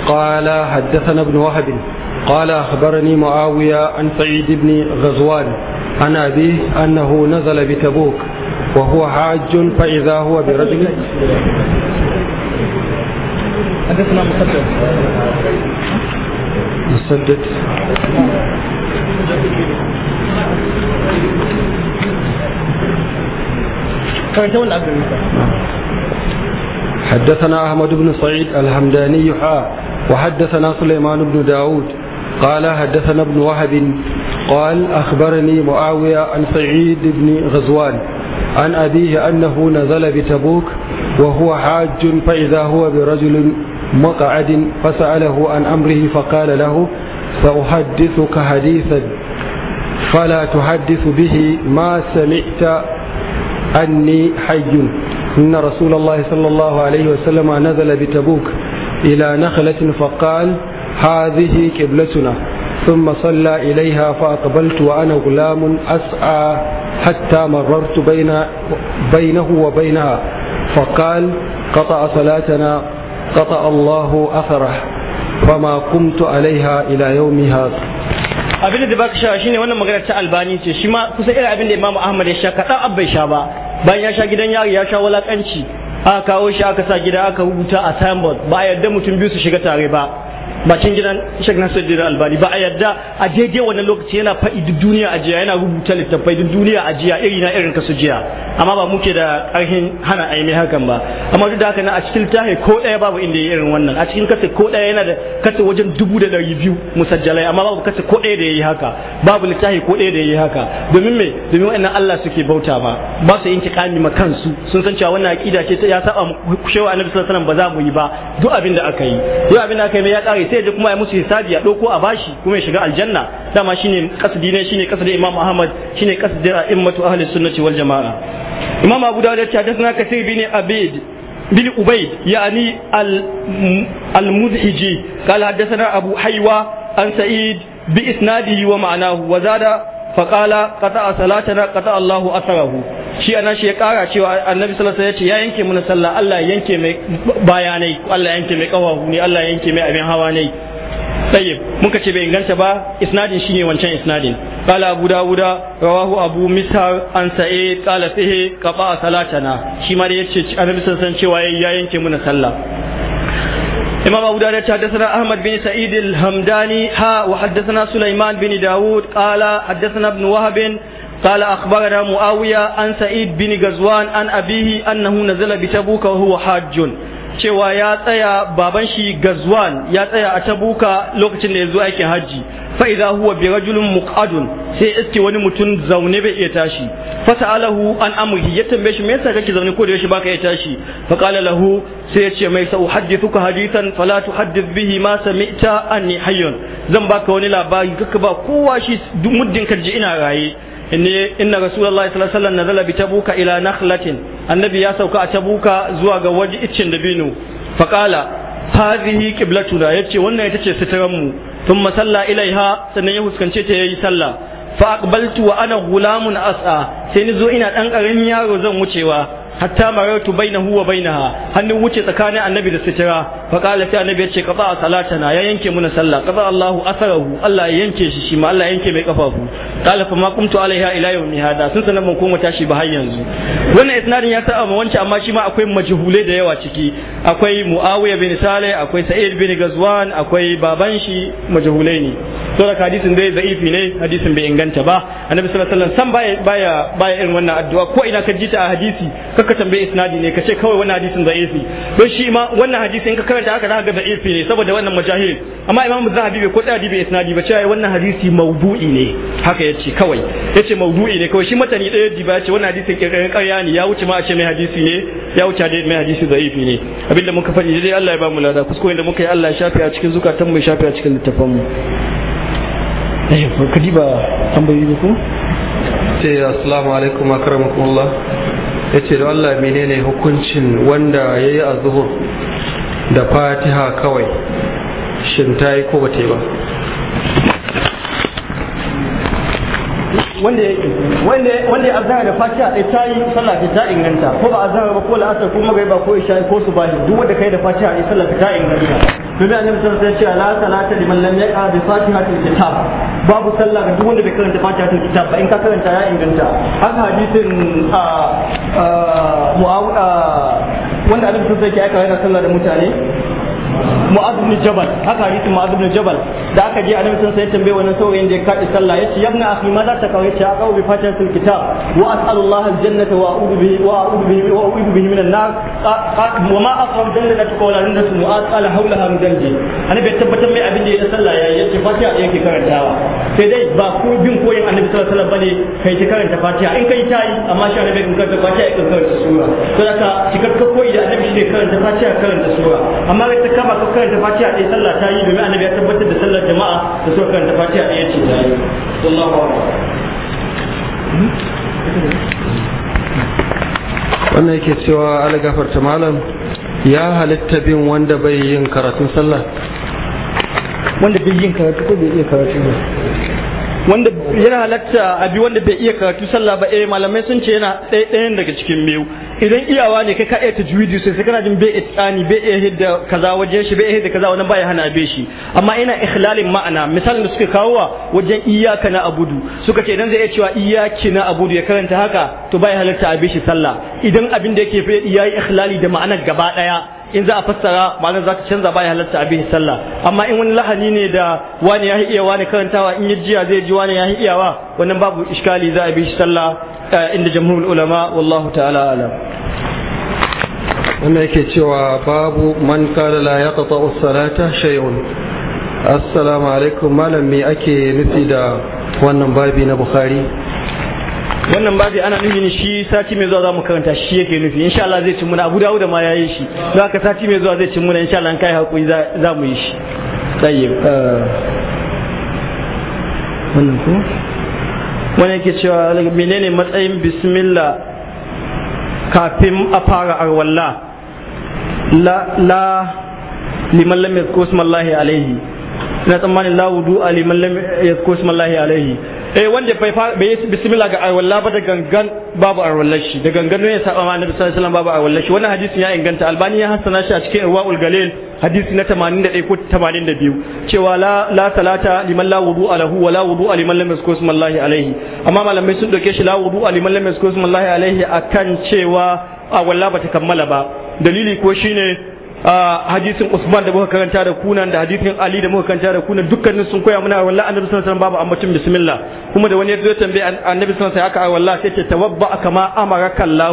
قال حدثنا ابن وهب قال أخبرني معاوية عن سعيد بن غزوان عن أبيه أنه نزل بتبوك وهو حاج فإذا هو برجل حدثنا مسدد مسدد فيتولى عبد المطلب حدثنا أحمد بن سعيد الحمداني حا وحدثنا سليمان بن داود قال حدثنا ابن وهب قال أخبرني معاوية عن سعيد بن غزوان عن أبيه أنه نزل بتبوك وهو حاج فإذا هو برجل مقعد فسأله عن أمره فقال له سأحدثك حديثا فلا تحدث به ما سمعت أني حي إن رسول الله صلى الله عليه وسلم نزل بتبوك إلى نخلة فقال هذه قبلتنا ثم صلى إليها فأقبلت وأنا غلام أسعى حتى مررت بين بينه وبينها فقال قطع صلاتنا قطع الله أثره فما قمت عليها إلى يوم هذا abin da baka sha shine wannan magana ta albani ce shi ma kusa irin abin da imamu ahmad ya sha kaɗan abbai sha ba bayan ya sha gidan yari ya sha walakanci aka kawo shi aka sa gida aka rubuta a signboard ba a yarda mutum biyu su shiga tare ba bakin gidan Sheikh Nasiruddin Albani ba a yadda a daidai wannan lokaci yana faɗi duk duniya a jiya yana rubuta littattafai duk duniya a jiya iri na irin kasu jiya amma ba muke da karhin hana aimi hakan ba amma duk da haka na a cikin tahe ko daya babu inda yayi irin wannan a cikin kasa ko daya yana da kasa wajen dubu da dari biyu musajjalai amma babu kasa ko daya da yayi yi haka babu littafi ko daya da yayi haka domin me domin wannan Allah suke bauta ma ba su yin kami ma kansu sun san cewa wannan aqida ce ya saba mu kushewa annabi sallallahu alaihi wasallam ba za mu yi ba duk abin da aka yi duk abin da aka yi ya ƙare sai ya kuma ya musu hisabi ya ɗauko a bashi kuma ya shiga aljanna dama shine kasdi ne shine kasdin imam ahmad shine kasdin a'immatu ahli sunnati wal jama'a imam abu dawud ya ce hadathana kasir bin abid بن أبيد يعني المزعجي قال حدثنا أبو حيوة عن سعيد بإسناده ومعناه وزاد faƙala kata a salatana kata Allahu asarahu shi anan shi ya ƙara cewa annabi sallallahu ya ce ya yanke mana sallah Allah yanke mai bayanai Allah yanke mai ƙawahu ne Allah yanke mai abin hawa ne tayyib muka ce bai inganta ba isnadin shine wancan isnadin قال an داود رواه أبو مسهر a سعيد قال فيه قطع صلاتنا شي ما يتشي أنا بسنسان cewa ya yanke mana sallah. إمام أبو داود حدثنا أحمد بن سعيد الهمداني ها وحدثنا سليمان بن داود قال حدثنا ابن وهب قال أخبرنا معاوية عن سعيد بن غزوان عن أبيه أنه نزل بتبوك وهو حاج cewa ya tsaya baban shi Gazwan ya tsaya a Tabuka lokacin da ya zo aikin hajji fa idza huwa bi rajulin muqadun sai iske wani mutum zaune bai iya tashi fa ta'alahu an amrihi ya tambaye shi me yasa kake zaune ko da yashi baka iya tashi fa qala lahu sai ya ce mai sa uhaddithuka hadithan fala tuhaddith bihi ma sami'ta anni hayyun zan baka wani labari kaka ba kowa shi muddin ka ji ina raye inni inna rasulullahi sallallahu alaihi wasallam nazala bi tabuka ila nakhlatin annabi ya sauka a tabuka zuwa ga waje iccin dabino faqala hadhihi qiblatuna yace wannan ita ce sitaran mu thumma salla ilaiha sannan ya huskance ta yayi salla fa aqbaltu wa ana gulamun as'a sai ni zo ina dan karamin yaro zan wucewa hatta maratu bainahu wa bainaha hannu wuce tsakanin annabi da sitira fa qala sai annabi yace qada salatana ya yanke muna sallah qada Allahu asarahu Allah ya yanke shi shi ma Allah ya yanke mai kafafu qala fa ma qumtu alaiha ila yawmi hada sun sanan mun koma tashi ba har yanzu wannan isnadin ya sa amma wancan amma shi ma akwai majhulai da yawa ciki akwai Muawiya bin Saleh akwai Sa'id bin Gazwan akwai baban shi majhulai ne to da hadisin dai da'ifi ne hadisin bai inganta ba annabi sallallahu alaihi wasallam san baya baya irin wannan addu'a ko ina ka ji ta a hadisi ka tambaye isnadi ne kace kawai wannan hadisin da'ifi don shi ma wannan hadisi in ka karanta haka zaka ga da'ifi ne saboda wannan majahil amma imamu zahabi bai ko tsadi bai isnadi ba cewa wannan hadisi maudu'i ne haka yace kawai yace maudu'i ne kawai shi matani daya ba yace wannan hadisin kirkirin ƙarya ne ya wuce ma a ce mai hadisi ne ya wuce da mai hadisi da'ifi ne abinda muka faɗi dai Allah ya ba mu lada kuskure da muka yi Allah ya shafe a cikin zukatan mu ya shafe a cikin littafan mu kadi eh, ba tambayi ne ko sai eh, assalamu alaikum akramakumullah ya ce da Allah menene hukuncin wanda ya yi a zuhur da fatiha kawai shin ta yi ko ba ta yi ba wanda yake wanda wanda ya azana da fatiha dai ta yi sallah ta inganta ko ba azana ba ko la'asar ko magai ba ko isha ko su subahi duk wanda kai da fatiha dai sallah ta inganta to da annabi sallallahu alaihi wasallam ya ce la salata liman lam yaqa bi fatihatil kitab babu sallah ga duk wanda bai karanta fatihatil kitab ba in ka karanta ya inganta haka hadisin a ah, ah, mu'awida ah, wanda annabi sallallahu alaihi wasallam ya aika yana sallah da mutane mu'az ibn jabal haka hadisin mu'az jabal da aka je annabi sun sai tambaye wannan saurayin da ya kaɗi sallah yace yabna akhi ma za ta kawo yace aka ubi fatan kitab wa as'alullaha aljannata wa a'udhu bihi wa a'udhu bihi wa a'udhu bihi minan nar wa ma aqram jannata qawla inda su mu'az qala hawlaha min annabi ya tabbatar mai abin da ya sallah ya yace fatiha yake karantawa sai dai ba ko bin koyin annabi sallallahu alaihi wasallam bane kai ta karanta fatiha in kai ta yi amma shi annabi in karanta fatiha karanta sura ka koyi da annabi shi ne karanta fatiha karanta sura amma ta ba su karanta fatiha ɗaya sallah ta yi domin annabi ya tabbatar da sallar jama'a da su karanta fatiha ɗaya ce ta yi wannan yake cewa ala gafarta malam ya halitta bin wanda bai yin karatun sallah wanda bai yin karatu ko bai iya karatu ba wanda yana halatta abi wanda bai iya karatu sallah ba eh malamai sun ce yana ɗaya daga cikin biyu idan iyawa ne kai ka iya juyi sai sai kana jin bai itqani bai iya hidda kaza wajen shi bai iya hidda kaza wannan bai hana be shi amma ina ikhlalin ma'ana misalin da suka kawo wajen iyyaka na abudu suka ce idan zai iya cewa iyaki na abudu ya karanta haka to bai halarta a be shi sallah idan abin da yake fi yayi ikhlali da ma'ana gaba daya in za a fassara ma'anar za ta canza baya halarta a bihi sallah amma in wani lahani ne da wani ya iya wani karantawa in ya jiya zai ji wani ya iyawa wannan babu iskali za a bihi sallah inda jamhurul ulama wallahu ta'ala alam wannan yake cewa babu man kala la ya salata shay'un assalamu alaikum malam me ake nufi da wannan babi na bukhari wannan babi ana nufin shi sati mai zuwa za mu karanta shi yake nufi insha Allah zai ci muna Abu Dawud ma yayi shi don haka sati mai zuwa zai ci muna insha Allah kai hakuri za mu yi shi tayyib eh, wannan ko wani yake cewa menene matsayin bismillah kafin a fara arwalla la liman lam yadhkur alaihi na tsammanin la wudu a liman lam yadhkur alaihi eh wanda bai bai bismillah ga alwala ba da gangan babu alwallar shi da gangan ne ya saba ma annabi sallallahu alaihi wasallam babu alwallar shi wannan hadisi ya inganta albani ya hassana shi a cikin irwaul galil hadisi na 81 ko 82 cewa la la salata liman la wudu alahu wa la wudu liman lam yasku smallahi alaihi amma malamai sun doke shi la wudu liman lam yasku smallahi alaihi akan cewa ba bata kammala ba dalili ko shine Ah, hadisin Usman da muka karanta da kunan da hadisin Ali da muka karanta da kunan dukkanin sun koya muna wallahi annabi sallallahu alaihi wasallam babu ambatin bismillah kuma da wani ya zo tambaye annabi sallallahu alaihi wasallam haka wallahi sai ce tawabba kama amaraka Allah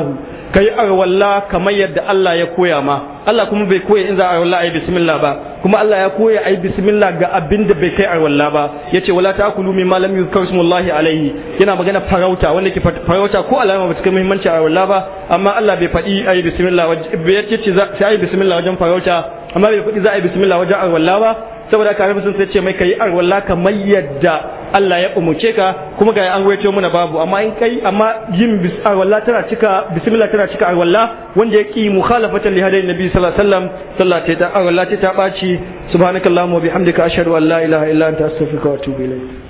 ka yi arwalla kamar yadda Allah ya koya ma Allah kuma bai koya in za a arwalla a yi bismillah ba kuma Allah ya koya a yi bismillah ga abin da bai kai arwalla ba ya ce wala ta'akulu mimma lam yuzkar ismullahi alaihi yana magana farauta wanda ke farauta ko alama ba cikin muhimmanci arwalla ba amma Allah bai faɗi a yi bismillah ya ce sai a yi bismillah wajen farauta amma bai faɗi za a yi bismillah wajen arwalla ba saboda haka annabi sun sai ce mai kai arwalla kamar yadda Allah ya umuce ka kuma ga an gwaito muna babu amma in kai amma yin arwalla tana cika bismillah tana cika arwalla wanda ya ki mukhalafatan li hadayin nabi sallallahu alaihi wasallam sallata ta arwalla ta baci subhanakallahumma wa bihamdika ashhadu an la ilaha illa anta astaghfiruka wa atubu ilayk